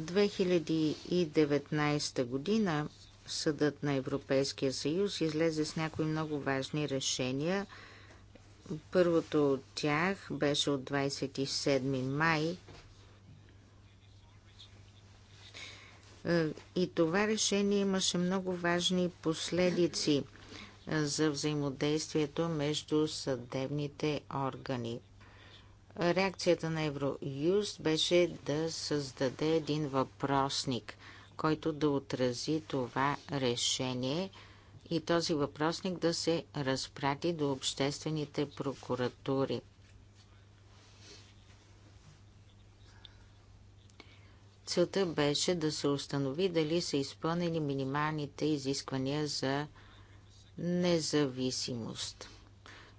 2019 година Съдът на Европейския съюз излезе с някои много важни решения. Първото от тях беше от 27 май Е, и това решение имаше много важни последици е, за взаимодействието между съдебните органи. Реакцията на Евроюст беше да създаде един въпросник, който да отрази това решение и този въпросник да се разпрати до обществените прокуратури. Целта беше да се установи дали са изпълнени минималните изисквания за независимост.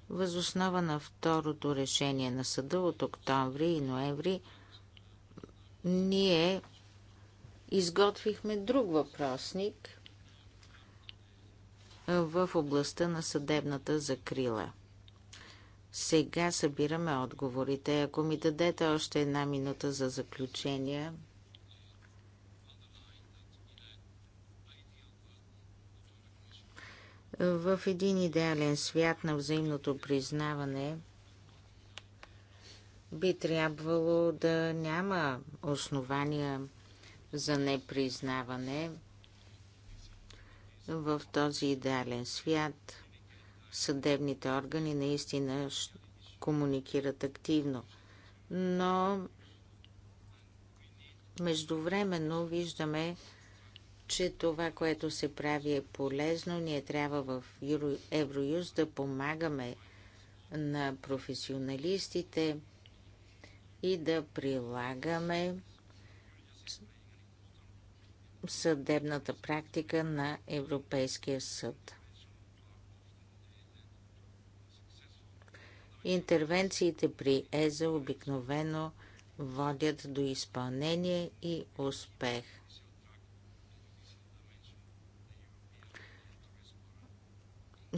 Възоснова на второто решение на съда от октомври и ноември ние изготвихме друг въпросник в областта на съдебната закрила. Сега събираме отговорите. Ако ми дадете още една минута за заключение, В един идеален свят на взаимното признаване би трябвало да няма основания за непризнаване. В този идеален свят съдебните органи наистина комуникират активно. Но междувременно виждаме че това, което се прави е полезно. Ние трябва в Евроюз да помагаме на професионалистите и да прилагаме съдебната практика на Европейския съд. Интервенциите при ЕЗА обикновено водят до изпълнение и успех.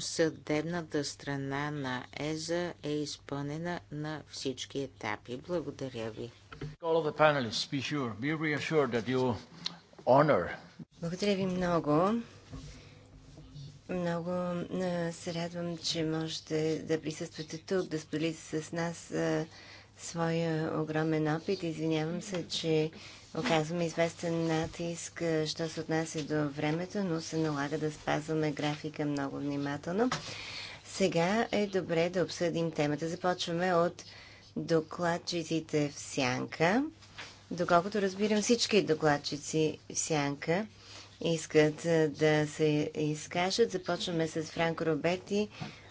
съдебната страна на ЕЗА е изпълнена на всички етапи. Благодаря ви. Благодаря ви много. Много се радвам, че можете да присъствате тук, да споделите с нас своя огромен опит. Извинявам се, че оказваме известен натиск, що се отнася до времето, но се налага да спазваме графика много внимателно. Сега е добре да обсъдим темата. Започваме от докладчиците в сянка. Доколкото разбирам, всички докладчици в сянка искат да се изкажат. Започваме с Франко Роберти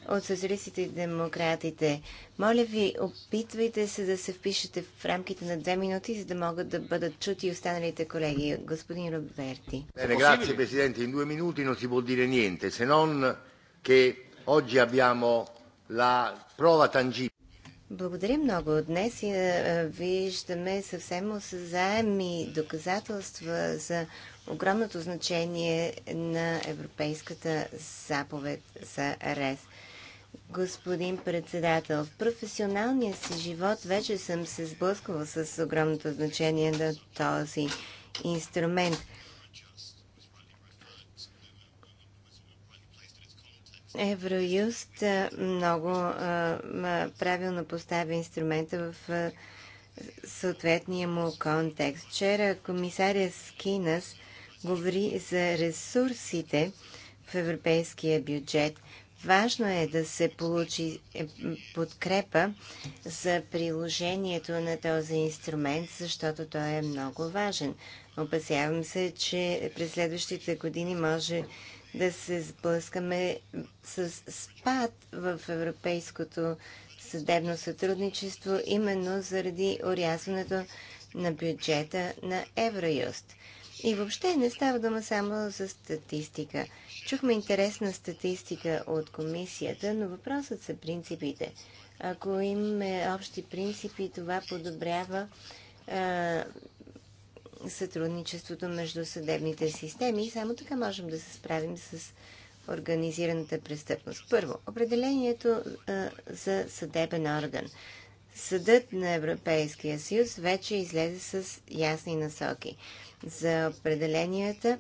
от социалистите и демократите. Моля ви, опитвайте се да се впишете в рамките на две минути, за да могат да бъдат чути останалите колеги. Господин Роберти. Bene, grazie Presidente. In due minuti non si può dire niente, se non che oggi abbiamo la prova tangibile. Благодаря много. Днес е, е, виждаме съвсем осъзаеми доказателства за огромното значение на Европейската заповед за арест господин председател. В професионалния си живот вече съм се сблъсквала с огромното значение на този инструмент. Евроюст много а, правилно поставя инструмента в а, съответния му контекст. Вчера комисаря Скинас говори за ресурсите в европейския бюджет – Важно е да се получи е, подкрепа за приложението на този инструмент, защото той е много важен. Опасявам се, че през следващите години може да се сблъскаме с спад в европейското съдебно сътрудничество, именно заради орязването на бюджета на Евроюст. И въобще не става дума само за статистика. Чухме интересна статистика от комисията, но въпросът са принципите. Ако имаме общи принципи, това подобрява а, сътрудничеството между съдебните системи и само така можем да се справим с организираната престъпност. Първо, определението а, за съдебен орган. Съдът на Европейския съюз вече излезе с ясни насоки за определенията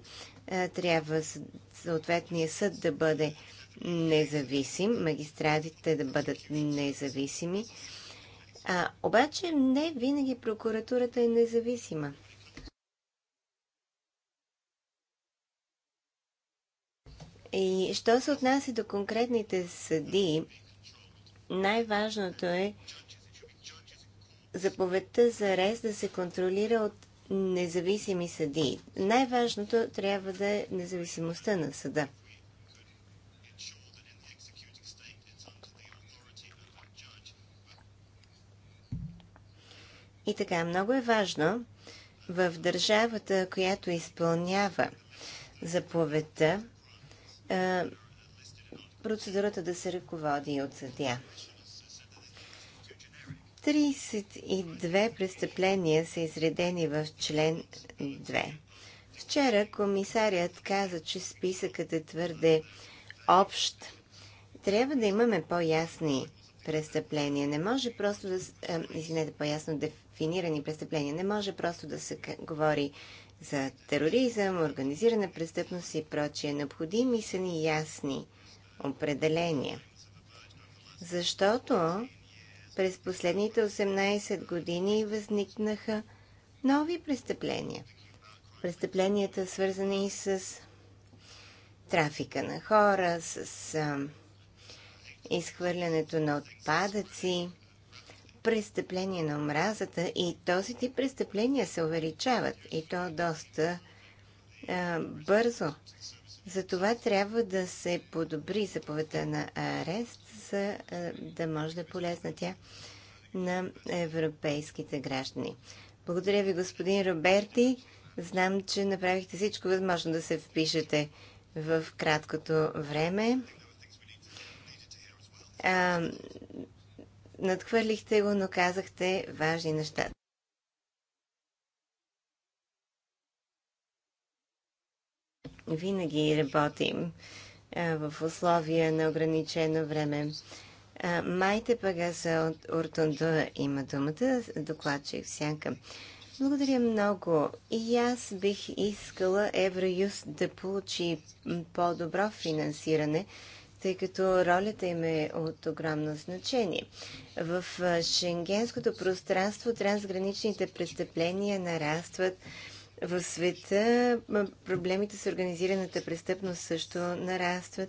е, трябва съответния съд да бъде независим, магистратите да бъдат независими. А, обаче не винаги прокуратурата е независима. И що се отнася до конкретните съдии, най-важното е заповедта за арест да се контролира от независими съдии. Най-важното трябва да е независимостта на съда. И така, много е важно в държавата, която изпълнява заповедта, процедурата да се ръководи от съдя. 32 престъпления са изредени в член 2. Вчера комисарият каза, че списъкът е твърде общ. Трябва да имаме по-ясни престъпления. Не може просто да... Извинете, по-ясно дефинирани престъпления. Не може просто да се говори за тероризъм, организирана престъпност и прочие. Необходими са ни ясни определения. Защото през последните 18 години възникнаха нови престъпления. Престъпленията, свързани с трафика на хора, с а, изхвърлянето на отпадъци, престъпления на омразата и този тип престъпления се увеличават и то доста а, бързо. Затова трябва да се подобри заповедта на арест са, е, да може да полезна тя на европейските граждани. Благодаря ви, господин Роберти. Знам, че направихте всичко възможно да се впишете в краткото време. А, надхвърлихте го, но казахте важни неща. Винаги работим в условия на ограничено време. Майте Пагаса от Уртунду има думата, докладчик сянка. Благодаря много. И аз бих искала Евроюз да получи по-добро финансиране, тъй като ролята им е от огромно значение. В шенгенското пространство трансграничните престъпления нарастват в света проблемите с организираната престъпност също нарастват.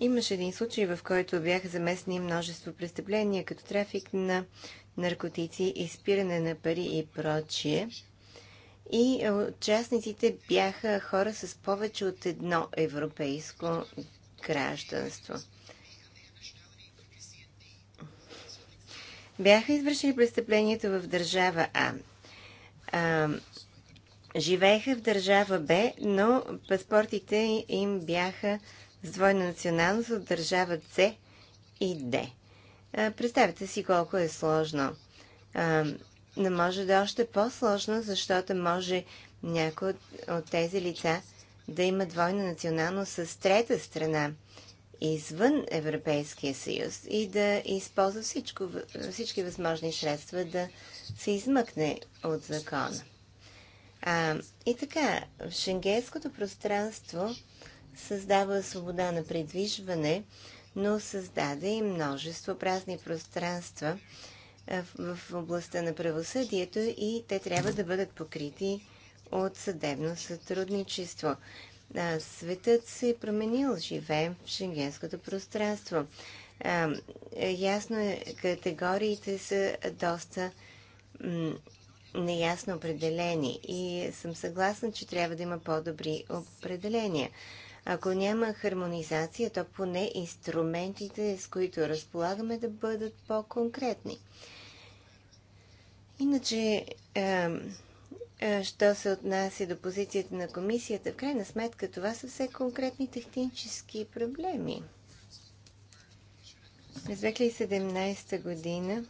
Имаше един случай, в който бяха замесени множество престъпления, като трафик на наркотици, изпиране на пари и прочие. И участниците бяха хора с повече от едно европейско гражданство. бяха извършили престъплението в държава А. а живееха в държава Б, но паспортите им бяха с двойна националност от държава С и Д. Представете си колко е сложно. А, но може да е още по-сложно, защото може някои от, от тези лица да има двойна националност с трета страна извън Европейския съюз и да използва всичко, всички възможни средства да се измъкне от закона. А, и така, шенгенското пространство създава свобода на придвижване, но създаде и множество празни пространства в, в областта на правосъдието и те трябва да бъдат покрити от съдебно сътрудничество. А, светът се е променил, живеем в шенгенското пространство. А, е, ясно е, категориите са доста неясно определени и съм съгласна, че трябва да има по-добри определения. Ако няма хармонизация, то поне инструментите, с които разполагаме, да бъдат по-конкретни. Иначе, е, що се отнася до позицията на комисията, в крайна сметка това са все конкретни технически проблеми. През 2017 година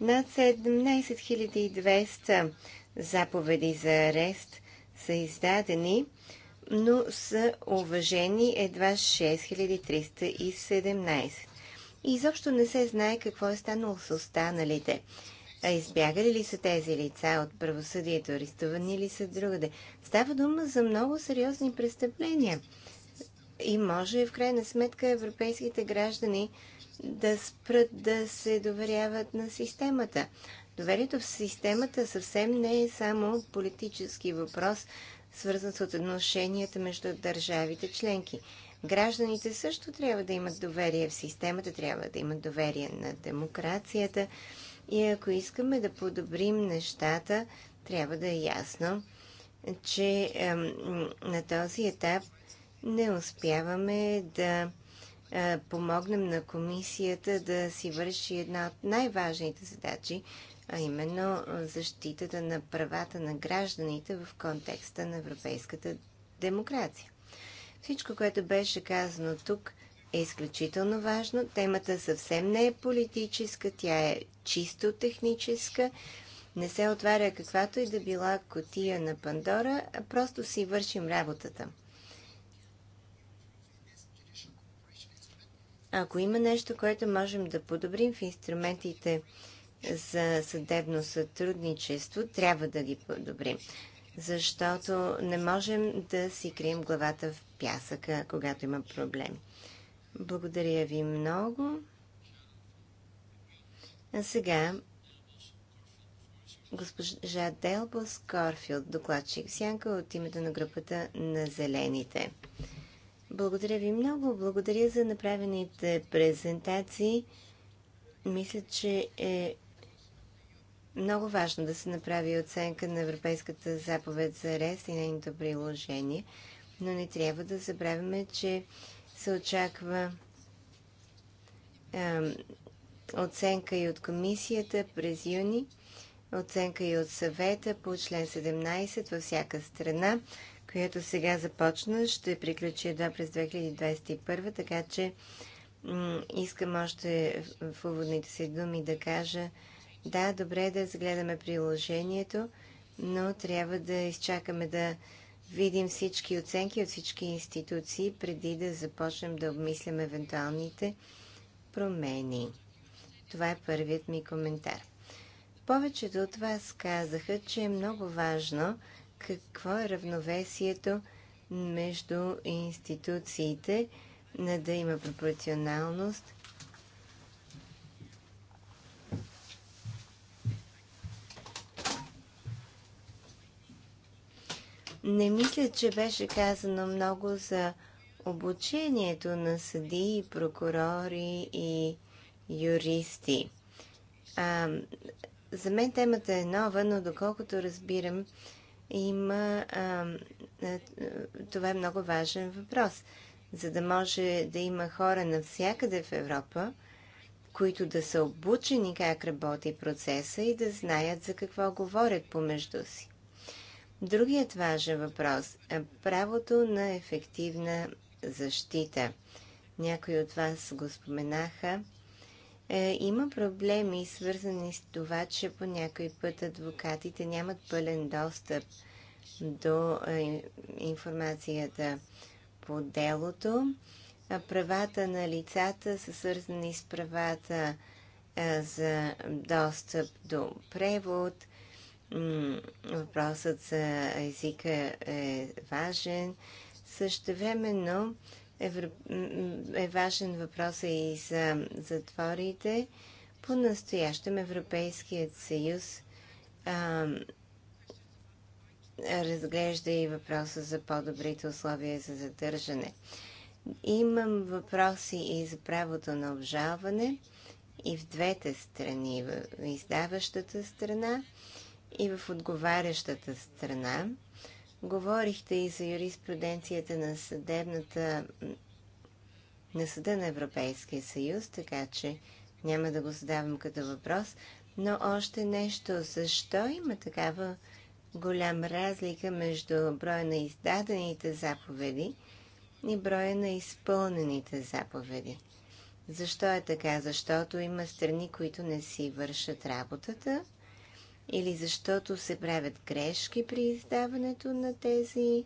над 17 200 заповеди за арест са издадени, но са уважени едва 6317. И изобщо не се знае какво е станало с останалите. А, избягали ли са тези лица от правосъдието, арестувани ли са другаде. Става дума за много сериозни престъпления. И може в крайна сметка европейските граждани да спрат да се доверяват на системата. Доверието в системата съвсем не е само политически въпрос, свързан с отношенията между държавите членки. Гражданите също трябва да имат доверие в системата, трябва да имат доверие на демокрацията, и ако искаме да подобрим нещата, трябва да е ясно, че е, на този етап не успяваме да е, помогнем на комисията да си върши една от най-важните задачи, а именно защитата на правата на гражданите в контекста на европейската демокрация. Всичко, което беше казано тук, е изключително важно. Темата съвсем не е политическа, тя е чисто техническа. Не се отваря каквато и да била котия на Пандора, а просто си вършим работата. Ако има нещо, което можем да подобрим в инструментите за съдебно сътрудничество, трябва да ги подобрим. Защото не можем да си крием главата в пясъка, когато има проблеми. Благодаря ви много. А сега госпожа Делбо Скорфилд, докладчик Сянка от името на групата на Зелените. Благодаря ви много. Благодаря за направените презентации. Мисля, че е много важно да се направи оценка на Европейската заповед за арест и нейното приложение, но не трябва да забравяме, че се очаква е, оценка и от комисията през юни, оценка и от съвета по член 17 във всяка страна, която сега започна, ще приключи едва през 2021, така че искам още в уводните си думи да кажа, да, добре е да разгледаме приложението, но трябва да изчакаме да видим всички оценки от всички институции, преди да започнем да обмислям евентуалните промени. Това е първият ми коментар. Повечето от вас казаха, че е много важно какво е равновесието между институциите, да има пропорционалност Не мисля, че беше казано много за обучението на съдии, прокурори и юристи. А, за мен темата е нова, но доколкото разбирам, има. А, а, това е много важен въпрос. За да може да има хора навсякъде в Европа, които да са обучени как работи процеса и да знаят за какво говорят помежду си. Другият важен въпрос е правото на ефективна защита. Някои от вас го споменаха. Е, има проблеми, свързани с това, че по някой път адвокатите нямат пълен достъп до е, информацията по делото. А правата на лицата са свързани с правата е, за достъп до превод – въпросът за езика е важен. Същевременно времено е важен въпрос и за затворите. По-настоящем Европейският съюз а, разглежда и въпроса за по-добрите условия за задържане. Имам въпроси и за правото на обжалване и в двете страни, в издаващата страна и в отговарящата страна. Говорихте и за юриспруденцията на съдебната на Съда на Европейския съюз, така че няма да го задавам като въпрос. Но още нещо. Защо има такава голяма разлика между броя на издадените заповеди и броя на изпълнените заповеди? Защо е така? Защото има страни, които не си вършат работата или защото се правят грешки при издаването на тези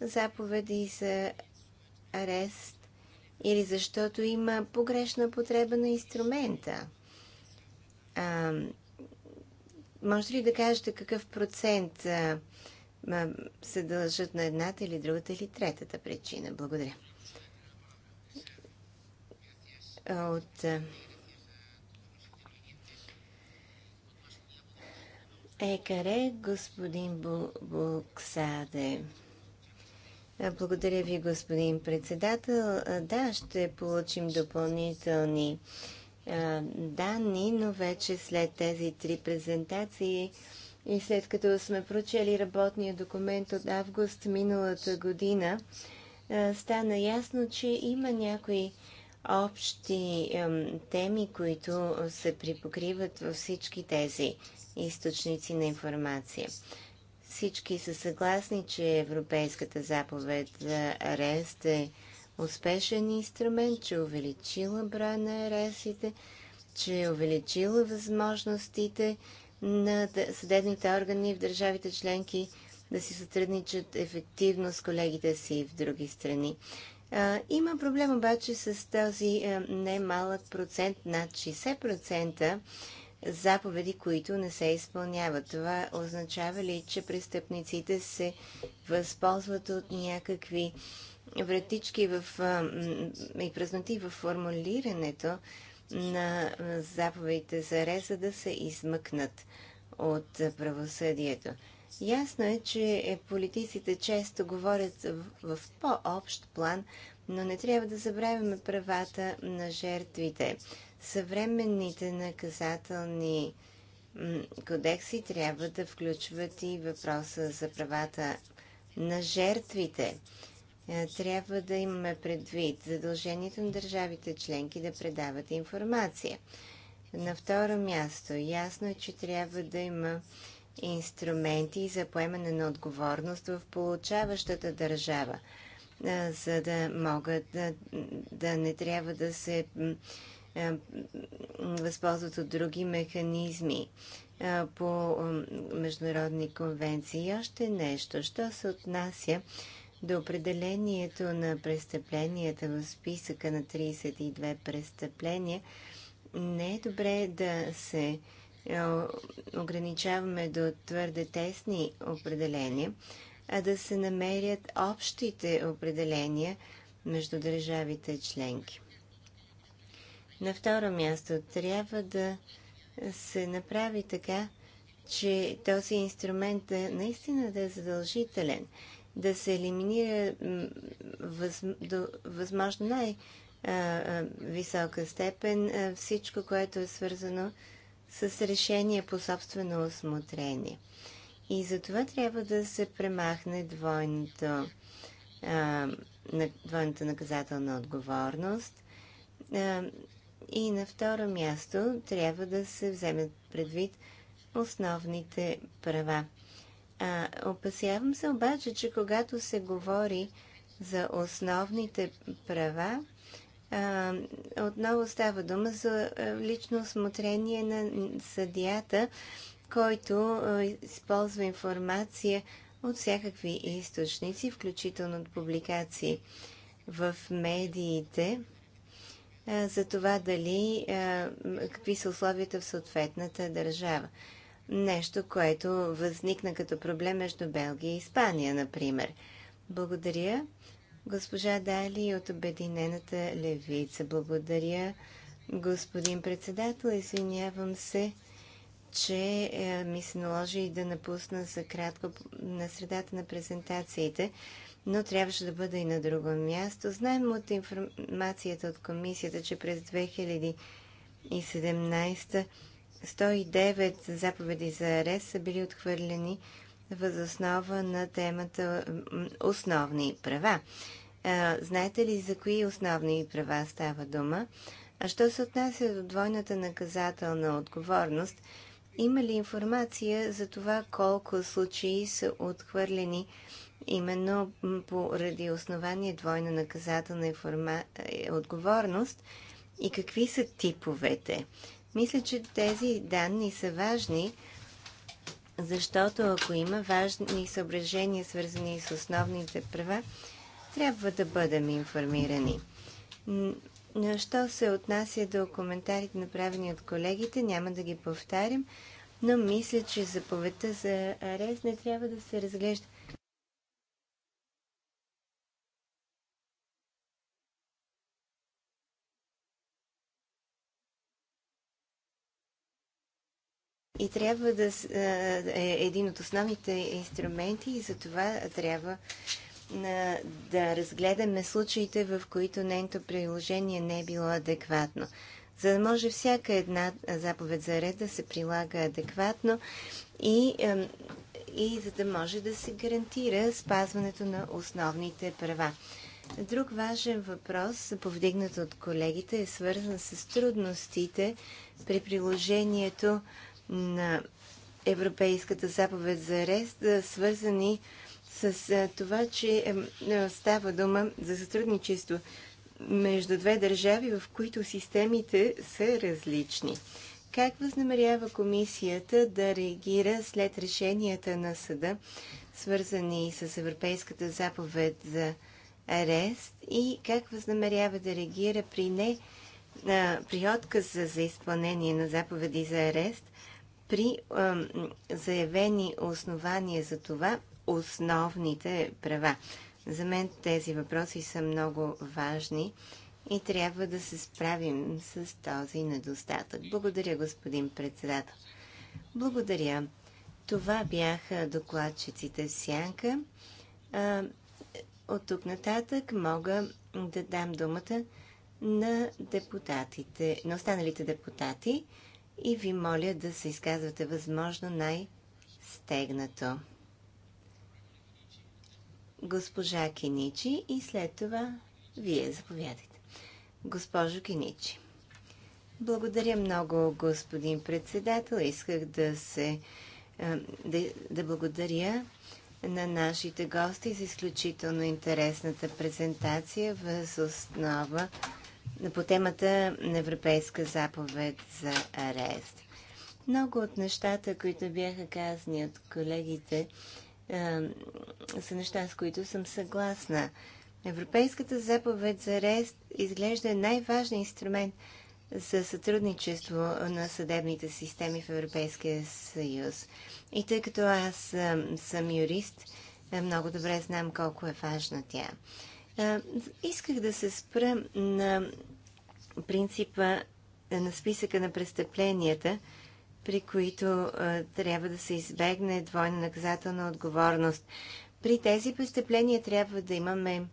заповеди за арест, или защото има погрешна потреба на инструмента. А, може ли да кажете какъв процент а, а, се дължат на едната или другата или третата причина? Благодаря. От Екаре, господин Буксаде. Благодаря ви, господин председател. Да, ще получим допълнителни данни, но вече след тези три презентации и след като сме прочели работния документ от август миналата година, стана ясно, че има някои общи теми, които се припокриват във всички тези източници на информация. Всички са съгласни, че Европейската заповед за арест е успешен инструмент, че е увеличила броя на арестите, че е увеличила възможностите на съдебните органи в държавите членки да си сътрудничат ефективно с колегите си в други страни. Има проблем обаче с този е, немалък процент, над 60% заповеди, които не се изпълняват. Това означава ли, че престъпниците се възползват от някакви вратички в, и празноти в формулирането на заповедите за реза да се измъкнат от правосъдието? Ясно е, че е, политиците често говорят в по-общ план, но не трябва да забравяме правата на жертвите. Съвременните наказателни кодекси трябва да включват и въпроса за правата на жертвите. Е, трябва да имаме предвид задължението на държавите членки да предават информация. На второ място, ясно е, че трябва да има инструменти за поемане на отговорност в получаващата държава, за да могат да, да не трябва да се възползват от други механизми по международни конвенции. И още нещо, що се отнася до определението на престъпленията в списъка на 32 престъпления, не е добре да се е, ограничаваме до твърде тесни определения, а да се намерят общите определения между държавите членки. На второ място трябва да се направи така, че този инструмент е наистина да е задължителен, да се елиминира въз, до, възможно най- висока степен всичко, което е свързано с решение по собствено осмотрение. И за това трябва да се премахне двойното, двойната наказателна отговорност. и на второ място трябва да се вземат предвид основните права. А, опасявам се обаче, че когато се говори за основните права, отново става дума за лично осмотрение на съдията, който използва информация от всякакви източници, включително от публикации в медиите, за това дали, какви са условията в съответната държава. Нещо, което възникна като проблем между Белгия и Испания, например. Благодаря госпожа Дали от Обединената левица. Благодаря, господин председател. Извинявам се, че е, ми се наложи да напусна за кратко на средата на презентациите, но трябваше да бъда и на друго място. Знаем от информацията от комисията, че през 2017 109 заповеди за арест са били отхвърлени възоснова на темата основни права. Знаете ли за кои основни права става дума? А що се отнася до двойната наказателна отговорност, има ли информация за това колко случаи са отхвърлени именно поради основание двойна наказателна информа... Е, отговорност и какви са типовете? Мисля, че тези данни са важни, защото ако има важни съображения, свързани с основните права, трябва да бъдем информирани. Но що се отнася до коментарите, направени от колегите, няма да ги повтарям, но мисля, че заповедта за арест не трябва да се разглежда и трябва да е един от основните инструменти и за това трябва да разгледаме случаите, в които нейното приложение не е било адекватно. За да може всяка една заповед за ред да се прилага адекватно и, и за да може да се гарантира спазването на основните права. Друг важен въпрос, повдигнат от колегите, е свързан с трудностите при приложението на Европейската заповед за арест, свързани с това, че става дума за сътрудничество между две държави, в които системите са различни. Как възнамерява комисията да реагира след решенията на съда, свързани с Европейската заповед за арест и как възнамерява да реагира при не при отказа за изпълнение на заповеди за арест при а, заявени основания за това основните права. За мен тези въпроси са много важни и трябва да се справим с този недостатък. Благодаря, господин председател. Благодаря. Това бяха докладчиците в сянка. А, от тук нататък мога да дам думата на депутатите, на останалите депутати и ви моля да се изказвате възможно най-стегнато. Госпожа Киничи и след това вие заповядайте. Госпожо Киничи. Благодаря много, господин председател. Исках да се е, да, да благодаря на нашите гости за изключително интересната презентация въз основа по темата на Европейска заповед за арест. Много от нещата, които бяха казани от колегите, са неща, с които съм съгласна. Европейската заповед за арест изглежда е най-важен инструмент за сътрудничество на съдебните системи в Европейския съюз. И тъй като аз съм юрист, много добре знам колко е важна тя. Е, исках да се спра на принципа е, на списъка на престъпленията, при които е, трябва да се избегне двойна наказателна отговорност. При тези престъпления трябва да имаме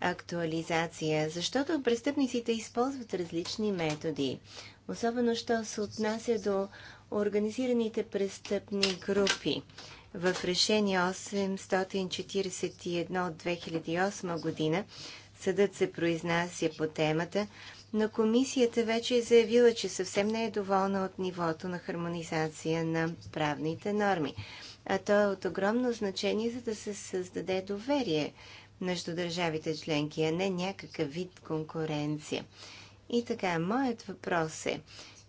актуализация, защото престъпниците използват различни методи, особено що се отнася до организираните престъпни групи в решение 841 от 2008 година съдът се произнася по темата, но комисията вече е заявила, че съвсем не е доволна от нивото на хармонизация на правните норми. А то е от огромно значение, за да се създаде доверие между държавите членки, а не някакъв вид конкуренция. И така, моят въпрос е,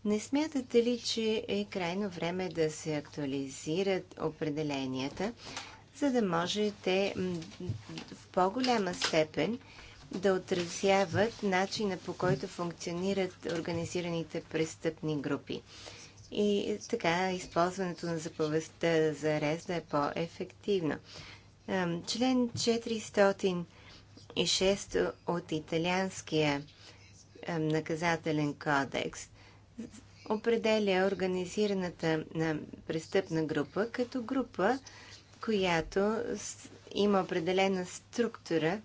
не смятате ли, че е крайно време да се актуализират определенията, за да можете в по-голяма степен да отразяват начина по който функционират организираните престъпни групи? И така използването на заповедта за арест да е по-ефективно. Член 406 от Италианския наказателен кодекс определя организираната на престъпна група като група, която има определена структура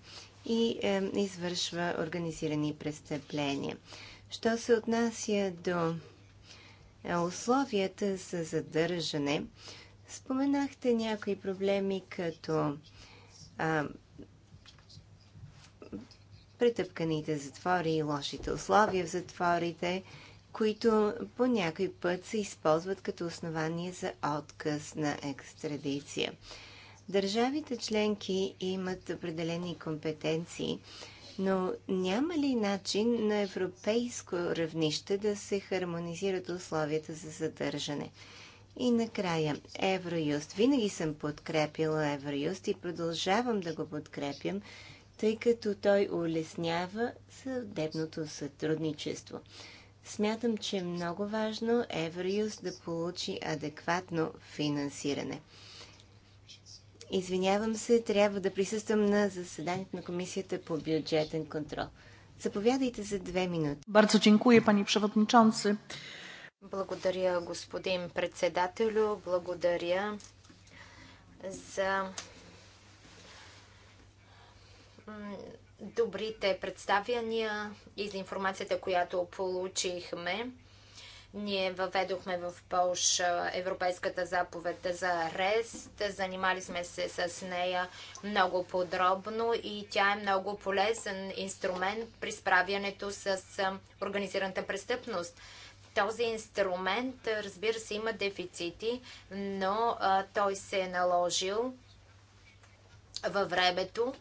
и е, извършва организирани престъпления. Що се отнася до е, условията за задържане, споменахте някои проблеми като а, претъпканите затвори и лошите условия в затворите, които по някой път се използват като основание за отказ на екстрадиция. Държавите членки имат определени компетенции, но няма ли начин на европейско равнище да се хармонизират условията за задържане? И накрая, Евроюст. Винаги съм подкрепила Евроюст и продължавам да го подкрепям, тъй като той улеснява съдебното сътрудничество. Смятам, че е много важно Евроюз да получи адекватно финансиране. Извинявам се, трябва да присъствам на заседанието на Комисията по бюджетен контрол. Заповядайте за две минути. Бързо дякую, пани Przewodniczący. Благодаря, господин председателю. Благодаря за добрите представяния и за информацията, която получихме. Ние въведохме в Полша Европейската заповед за арест. Занимали сме се с нея много подробно и тя е много полезен инструмент при справянето с организираната престъпност. Този инструмент, разбира се, има дефицити, но а, той се е наложил във времето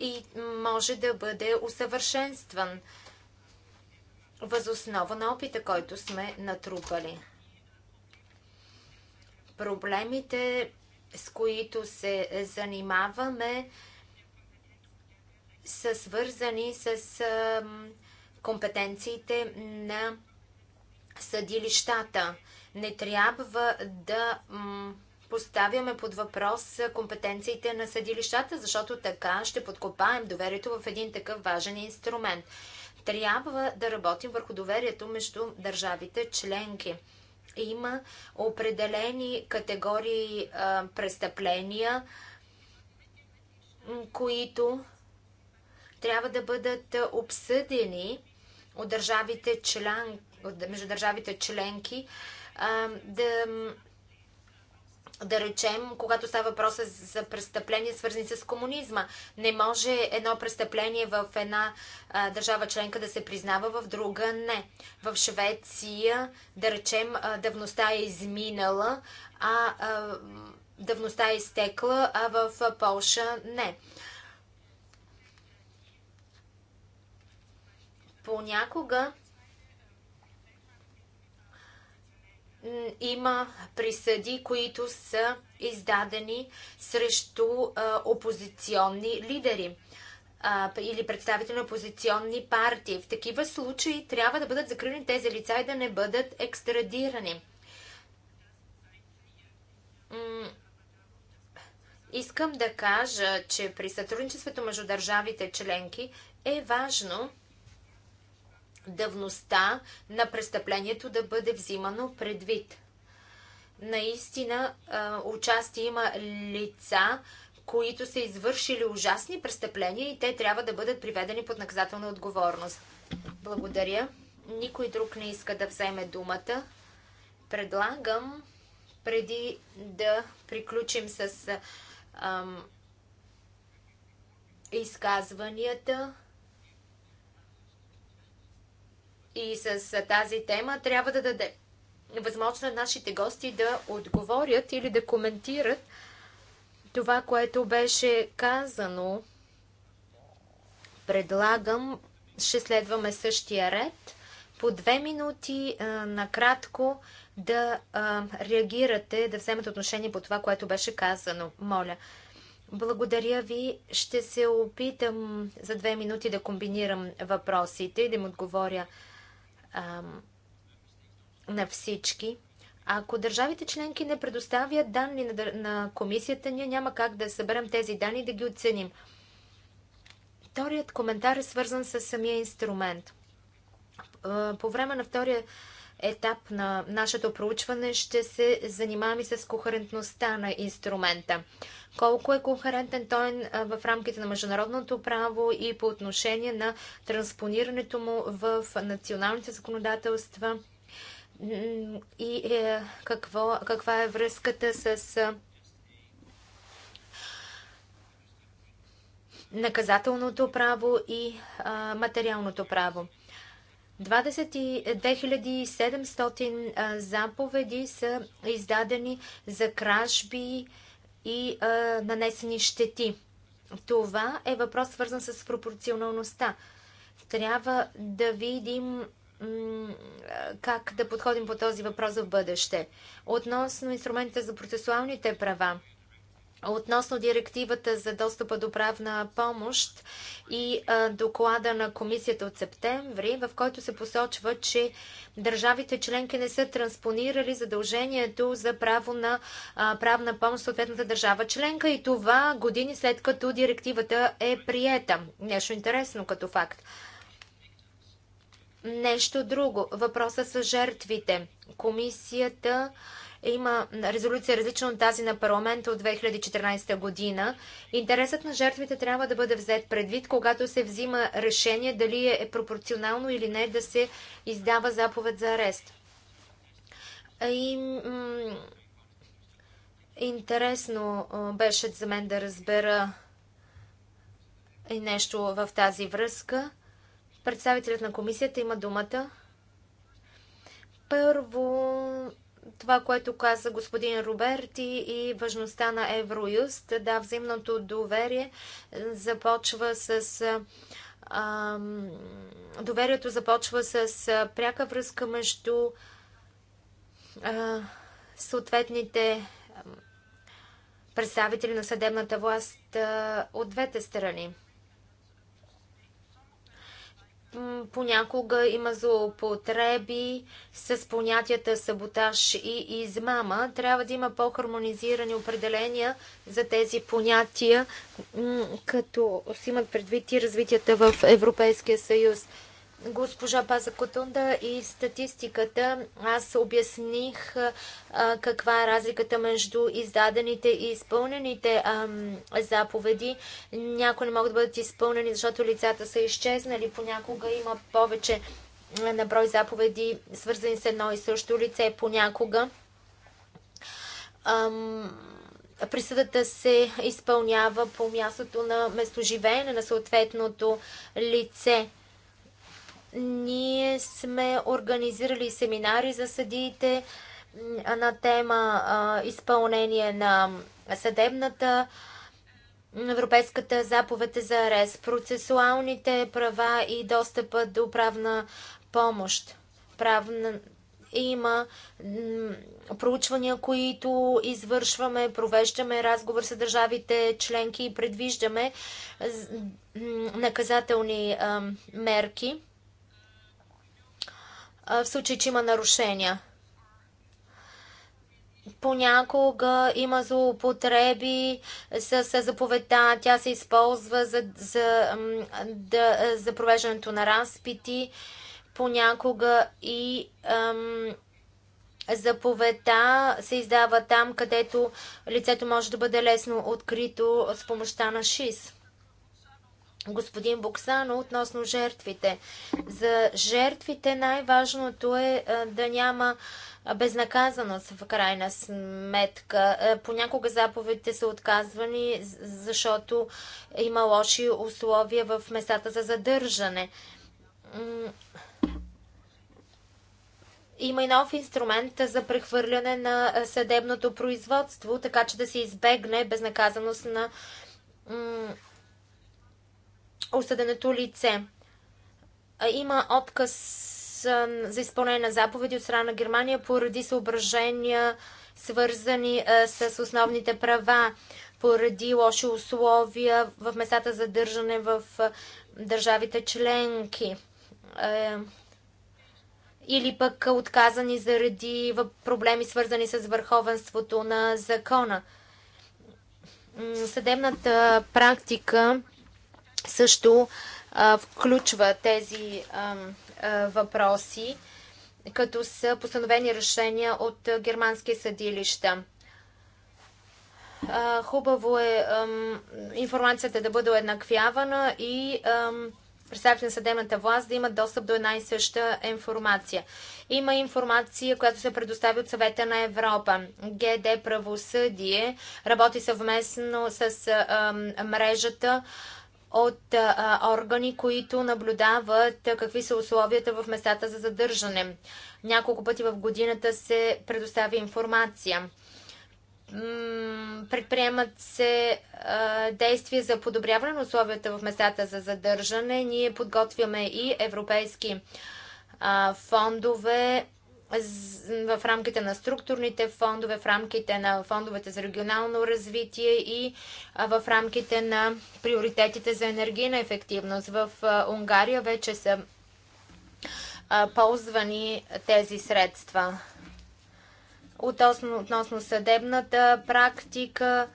и може да бъде усъвършенстван възоснова на опита, който сме натрупали. Проблемите, с които се занимаваме, са свързани с компетенциите на съдилищата. Не трябва да поставяме под въпрос компетенциите на съдилищата, защото така ще подкопаем доверието в един такъв важен инструмент. Трябва да работим върху доверието между държавите членки. Има определени категории а, престъпления, които трябва да бъдат обсъдени от държавите член, между държавите членки, а, да да речем, когато става въпрос е за престъпления, свързани с комунизма. Не може едно престъпление в една а, държава членка да се признава, в друга не. В Швеция, да речем, а, давността е изминала, а, а давността е изтекла, а в а, Полша не. Понякога има присъди, които са издадени срещу опозиционни лидери или представители на опозиционни партии. В такива случаи трябва да бъдат закрилени тези лица и да не бъдат екстрадирани. Искам да кажа, че при сътрудничеството между държавите членки е важно давността на престъплението да бъде взимано предвид. Наистина участие има лица, които са извършили ужасни престъпления и те трябва да бъдат приведени под наказателна отговорност. Благодаря. Никой друг не иска да вземе думата. Предлагам, преди да приключим с ам, изказванията, и с тази тема трябва да даде възможно на нашите гости да отговорят или да коментират това, което беше казано. Предлагам, ще следваме същия ред. По две минути а, накратко да а, реагирате, да вземете отношение по това, което беше казано. Моля. Благодаря ви. Ще се опитам за две минути да комбинирам въпросите и да им отговоря на всички. Ако държавите членки не предоставят данни на, на комисията, ние няма как да съберем тези данни и да ги оценим. Вторият коментар е свързан с самия инструмент. По време на втория етап на нашето проучване ще се занимаваме с кохерентността на инструмента. Колко е кохерентен той в рамките на международното право и по отношение на транспонирането му в националните законодателства и е, какво, каква е връзката с наказателното право и а, материалното право. 2700 заповеди са издадени за кражби и нанесени щети. Това е въпрос свързан с пропорционалността. Трябва да видим как да подходим по този въпрос в бъдеще. Относно инструментите за процесуалните права, Относно директивата за достъпа до правна помощ и доклада на комисията от септември, в който се посочва, че държавите членки не са транспонирали задължението за право на правна помощ в съответната държава членка и това години след като директивата е приета. Нещо интересно като факт. Нещо друго. Въпроса с жертвите. Комисията има резолюция различна от тази на парламента от 2014 година. Интересът на жертвите трябва да бъде взет предвид, когато се взима решение дали е пропорционално или не да се издава заповед за арест. И, интересно беше за мен да разбера и нещо в тази връзка. Представителят на комисията има думата. Първо, това, което каза господин Роберти и важността на Евроюст. Да, взаимното доверие е, започва с. А, доверието започва с пряка връзка между а, съответните представители на съдебната власт а, от двете страни понякога има злоупотреби с понятията саботаж и измама. Трябва да има по-хармонизирани определения за тези понятия, като си имат предвид и развитията в Европейския съюз госпожа Паза Котунда и статистиката. Аз обясних каква е разликата между издадените и изпълнените заповеди. Някои не могат да бъдат изпълнени, защото лицата са изчезнали. Понякога има повече на брой заповеди, свързани с едно и също лице. Понякога ам, присъдата се изпълнява по мястото на местоживеене на съответното лице. Ние сме организирали семинари за съдиите на тема а, изпълнение на съдебната Европейската заповед за арест, процесуалните права и достъпа до правна помощ. Правна... Има проучвания, които извършваме, провеждаме разговор с държавите членки и предвиждаме наказателни мерки в случай, че има нарушения. Понякога има злоупотреби с, заповедта. Тя се използва за, за, да, за провеждането на разпити. Понякога и ам, заповедта се издава там, където лицето може да бъде лесно открито с помощта на ШИС господин Боксано относно жертвите. За жертвите най-важното е да няма безнаказаност в крайна сметка. Понякога заповедите са отказвани, защото има лоши условия в местата за задържане. Има и нов инструмент за прехвърляне на съдебното производство, така че да се избегне безнаказаност на осъденото лице. Има отказ за изпълнение на заповеди от страна на Германия поради съображения, свързани с основните права, поради лоши условия в местата за държане в държавите членки или пък отказани заради проблеми свързани с върховенството на закона. Съдебната практика също а, включва тези а, а, въпроси, като са постановени решения от германски съдилища. Хубаво е информацията да бъде уеднаквявана и представители на съдебната власт да имат достъп до една и съща информация. Има информация, която се предостави от съвета на Европа. ГД Правосъдие работи съвместно с мрежата от а, органи, които наблюдават а, какви са условията в местата за задържане. Няколко пъти в годината се предоставя информация. предприемат се а, действия за подобряване на условията в местата за задържане. Ние подготвяме и европейски фондове в рамките на структурните фондове, в рамките на фондовете за регионално развитие и в рамките на приоритетите за енергийна ефективност. В Унгария вече са ползвани тези средства. Относно, относно съдебната практика,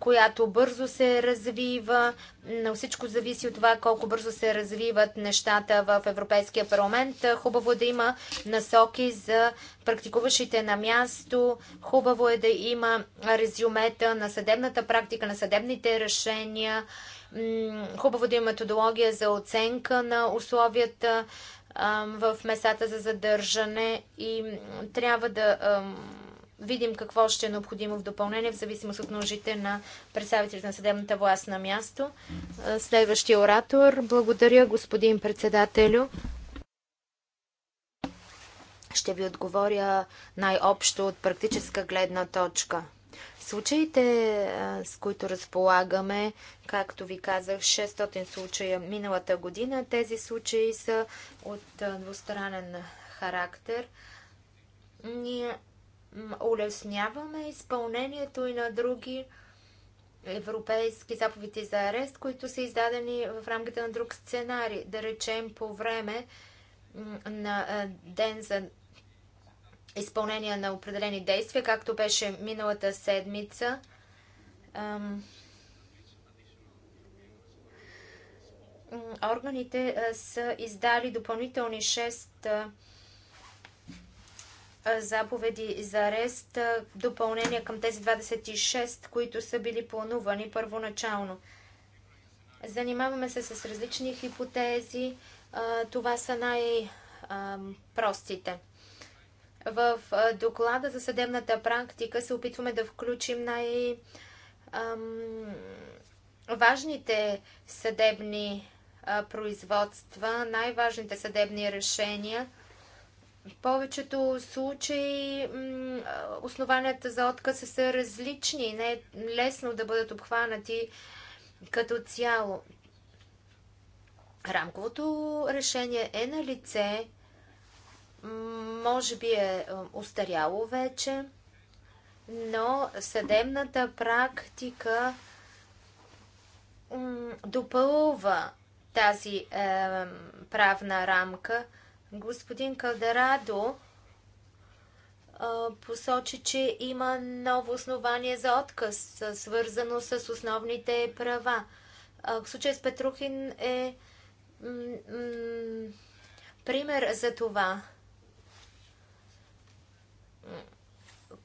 която бързо се развива. Но всичко зависи от това колко бързо се развиват нещата в Европейския парламент. Хубаво е да има насоки за практикуващите на място. Хубаво е да има резюмета на съдебната практика, на съдебните решения. Хубаво да има методология за оценка на условията в местата за задържане и трябва да видим какво ще е необходимо в допълнение, в зависимост от нуждите на представителите на съдебната власт на място. Следващия оратор. Благодаря, господин председателю. Ще ви отговоря най-общо от практическа гледна точка. Случаите, с които разполагаме, както ви казах, 600 случая миналата година, тези случаи са от двустранен характер. Ние улесняваме изпълнението и на други европейски заповеди за арест, които са издадени в рамките на друг сценарий. Да речем по време на ден за изпълнение на определени действия, както беше миналата седмица. Органите са издали допълнителни 6 заповеди за арест, допълнение към тези 26, които са били планувани първоначално. Занимаваме се с различни хипотези. Това са най-простите. В доклада за съдебната практика се опитваме да включим най- важните съдебни производства, най-важните съдебни решения – в повечето случаи основанията за отказ са различни. Не е лесно да бъдат обхванати като цяло. Рамковото решение е на лице, може би е, е устаряло вече, но съдебната практика допълва тази е, правна рамка – Господин Калдерадо, посочи, че има ново основание за отказ, свързано с основните права. В случая с Петрухин е пример за това.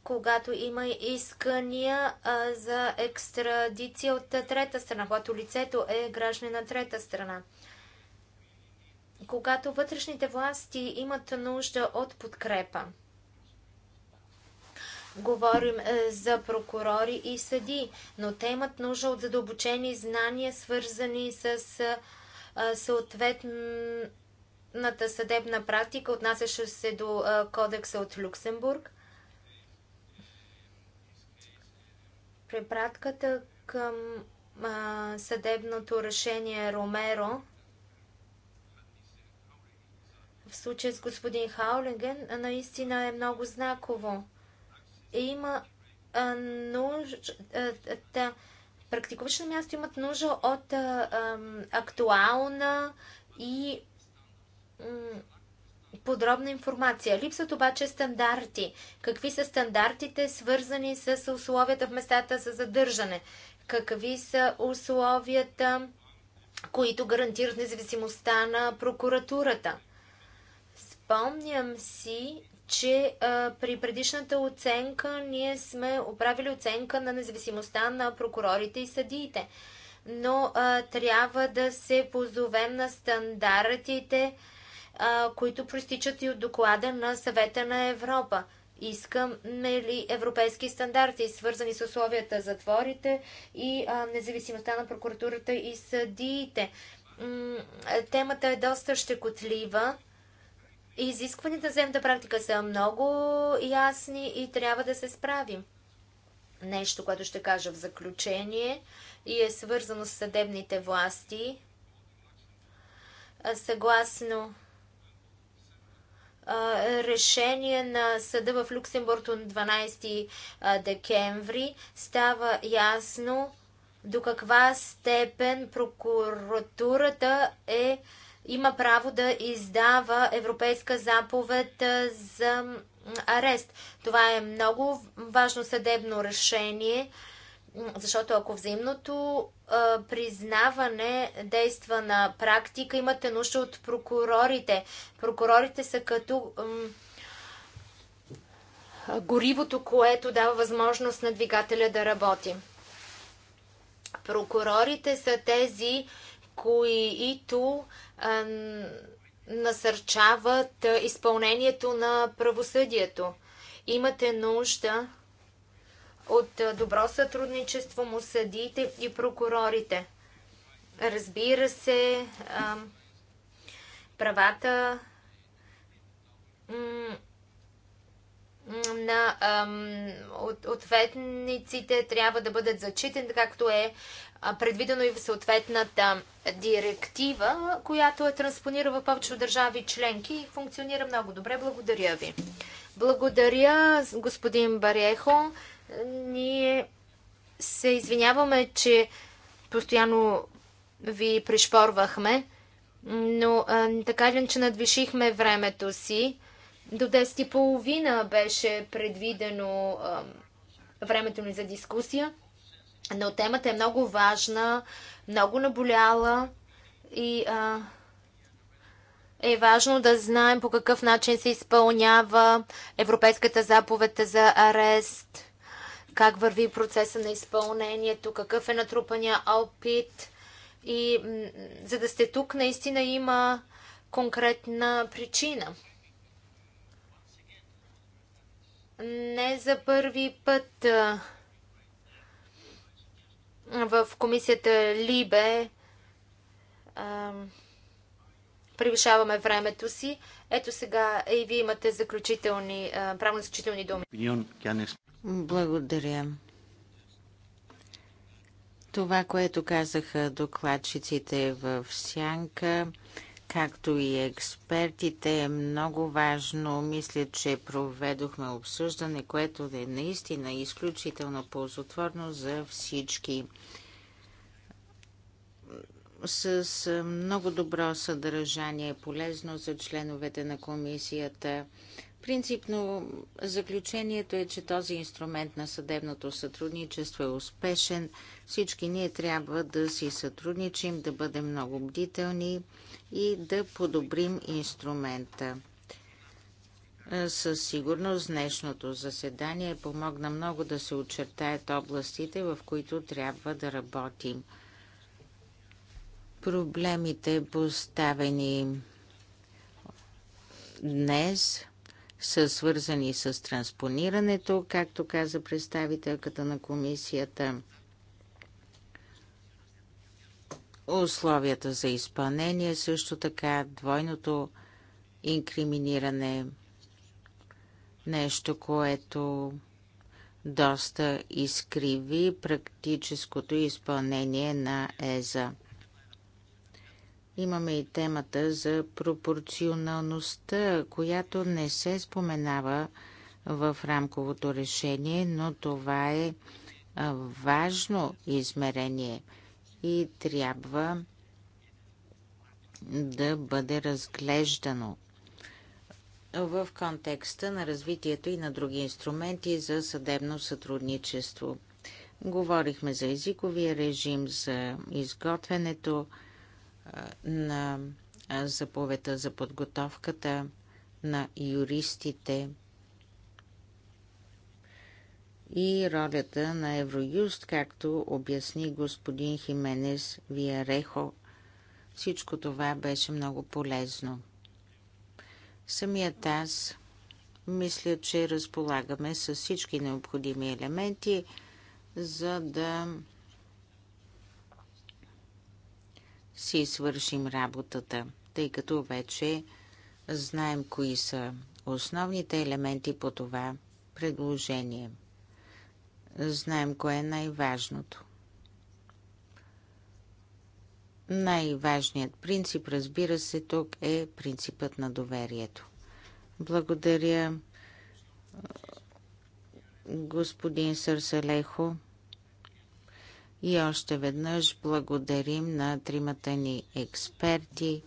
Когато има искания а, за екстрадиция от трета страна, когато лицето е граждане на трета страна когато вътрешните власти имат нужда от подкрепа. Говорим е, за прокурори и съди, но те имат нужда от задълбочени знания, свързани с е, съответната съдебна практика, отнасяща се до е, кодекса от Люксембург. Препратката към е, съдебното решение Ромеро – в случая с господин Хаулинген, наистина е много знаково. Има нужда. Практикуващи на място имат нужда от а, а, актуална и подробна информация. Липсват обаче стандарти. Какви са стандартите, свързани с условията в местата за задържане? Какви са условията, които гарантират независимостта на прокуратурата? Спомням си, че а, при предишната оценка ние сме оправили оценка на независимостта на прокурорите и съдиите. Но а, трябва да се позовем на стандартите, а, които проистичат и от доклада на съвета на Европа. Искаме ли нали, европейски стандарти, свързани с условията затворите и а, независимостта на прокуратурата и съдиите? М темата е доста щекотлива Изискванията за земната практика са много ясни и трябва да се справим. Нещо, което ще кажа в заключение и е свързано с съдебните власти. Съгласно решение на съда в Люксембург от 12 декември става ясно до каква степен прокуратурата е има право да издава европейска заповед за арест. Това е много важно съдебно решение, защото ако взаимното признаване действа на практика, имате нужда от прокурорите. Прокурорите са като горивото, което дава възможност на двигателя да работи. Прокурорите са тези, които насърчават изпълнението на правосъдието. Имате нужда от добро сътрудничество му съдите и прокурорите. Разбира се, правата на ам, от, ответниците трябва да бъдат зачитани, както е предвидено и в съответната директива, която е транспонира в повечето държави членки и функционира много добре. Благодаря ви. Благодаря, господин Барехо. Ние се извиняваме, че постоянно ви пришпорвахме, но а, така ли, че надвишихме времето си. До 10.30 беше предвидено времето ни за дискусия, но темата е много важна, много наболяла и а, е важно да знаем по какъв начин се изпълнява Европейската заповед за арест, как върви процеса на изпълнението, какъв е натрупания опит. И за да сте тук, наистина има конкретна причина не за първи път в комисията Либе превишаваме времето си. Ето сега и вие имате заключителни, правно заключителни думи. Благодаря. Това, което казаха докладчиците в Сянка, както и експертите, е много важно. Мисля, че проведохме обсъждане, което е наистина изключително ползотворно за всички. С много добро съдържание, полезно за членовете на комисията. Принципно заключението е, че този инструмент на съдебното сътрудничество е успешен. Всички ние трябва да си сътрудничим, да бъдем много бдителни и да подобрим инструмента. Със сигурност днешното заседание помогна много да се очертаят областите, в които трябва да работим. Проблемите поставени днес – са свързани с транспонирането, както каза представителката на комисията. Условията за изпълнение също така, двойното инкриминиране, нещо, което доста изкриви практическото изпълнение на ЕЗА. Имаме и темата за пропорционалността, която не се споменава в рамковото решение, но това е важно измерение и трябва да бъде разглеждано в контекста на развитието и на други инструменти за съдебно сътрудничество. Говорихме за езиковия режим, за изготвянето на заповедта за подготовката на юристите и ролята на Евроюст, както обясни господин Хименес Виарехо. Всичко това беше много полезно. Самият аз мисля, че разполагаме с всички необходими елементи, за да си свършим работата, тъй като вече знаем кои са основните елементи по това предложение. Знаем кое е най-важното. Най-важният принцип, разбира се, тук е принципът на доверието. Благодаря господин Сърселехо. И още веднъж благодарим на тримата ни експерти.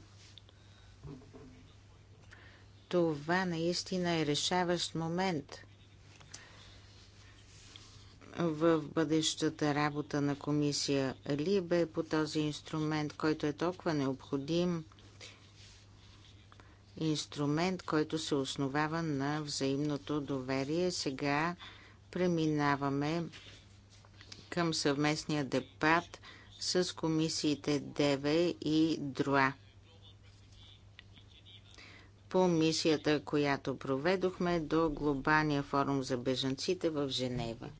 Това наистина е решаващ момент в бъдещата работа на комисия Либе по този инструмент, който е толкова необходим инструмент, който се основава на взаимното доверие. Сега преминаваме към съвместния депат с комисиите ДВ и ДРУА. По мисията, която проведохме до Глобалния форум за бежанците в Женева.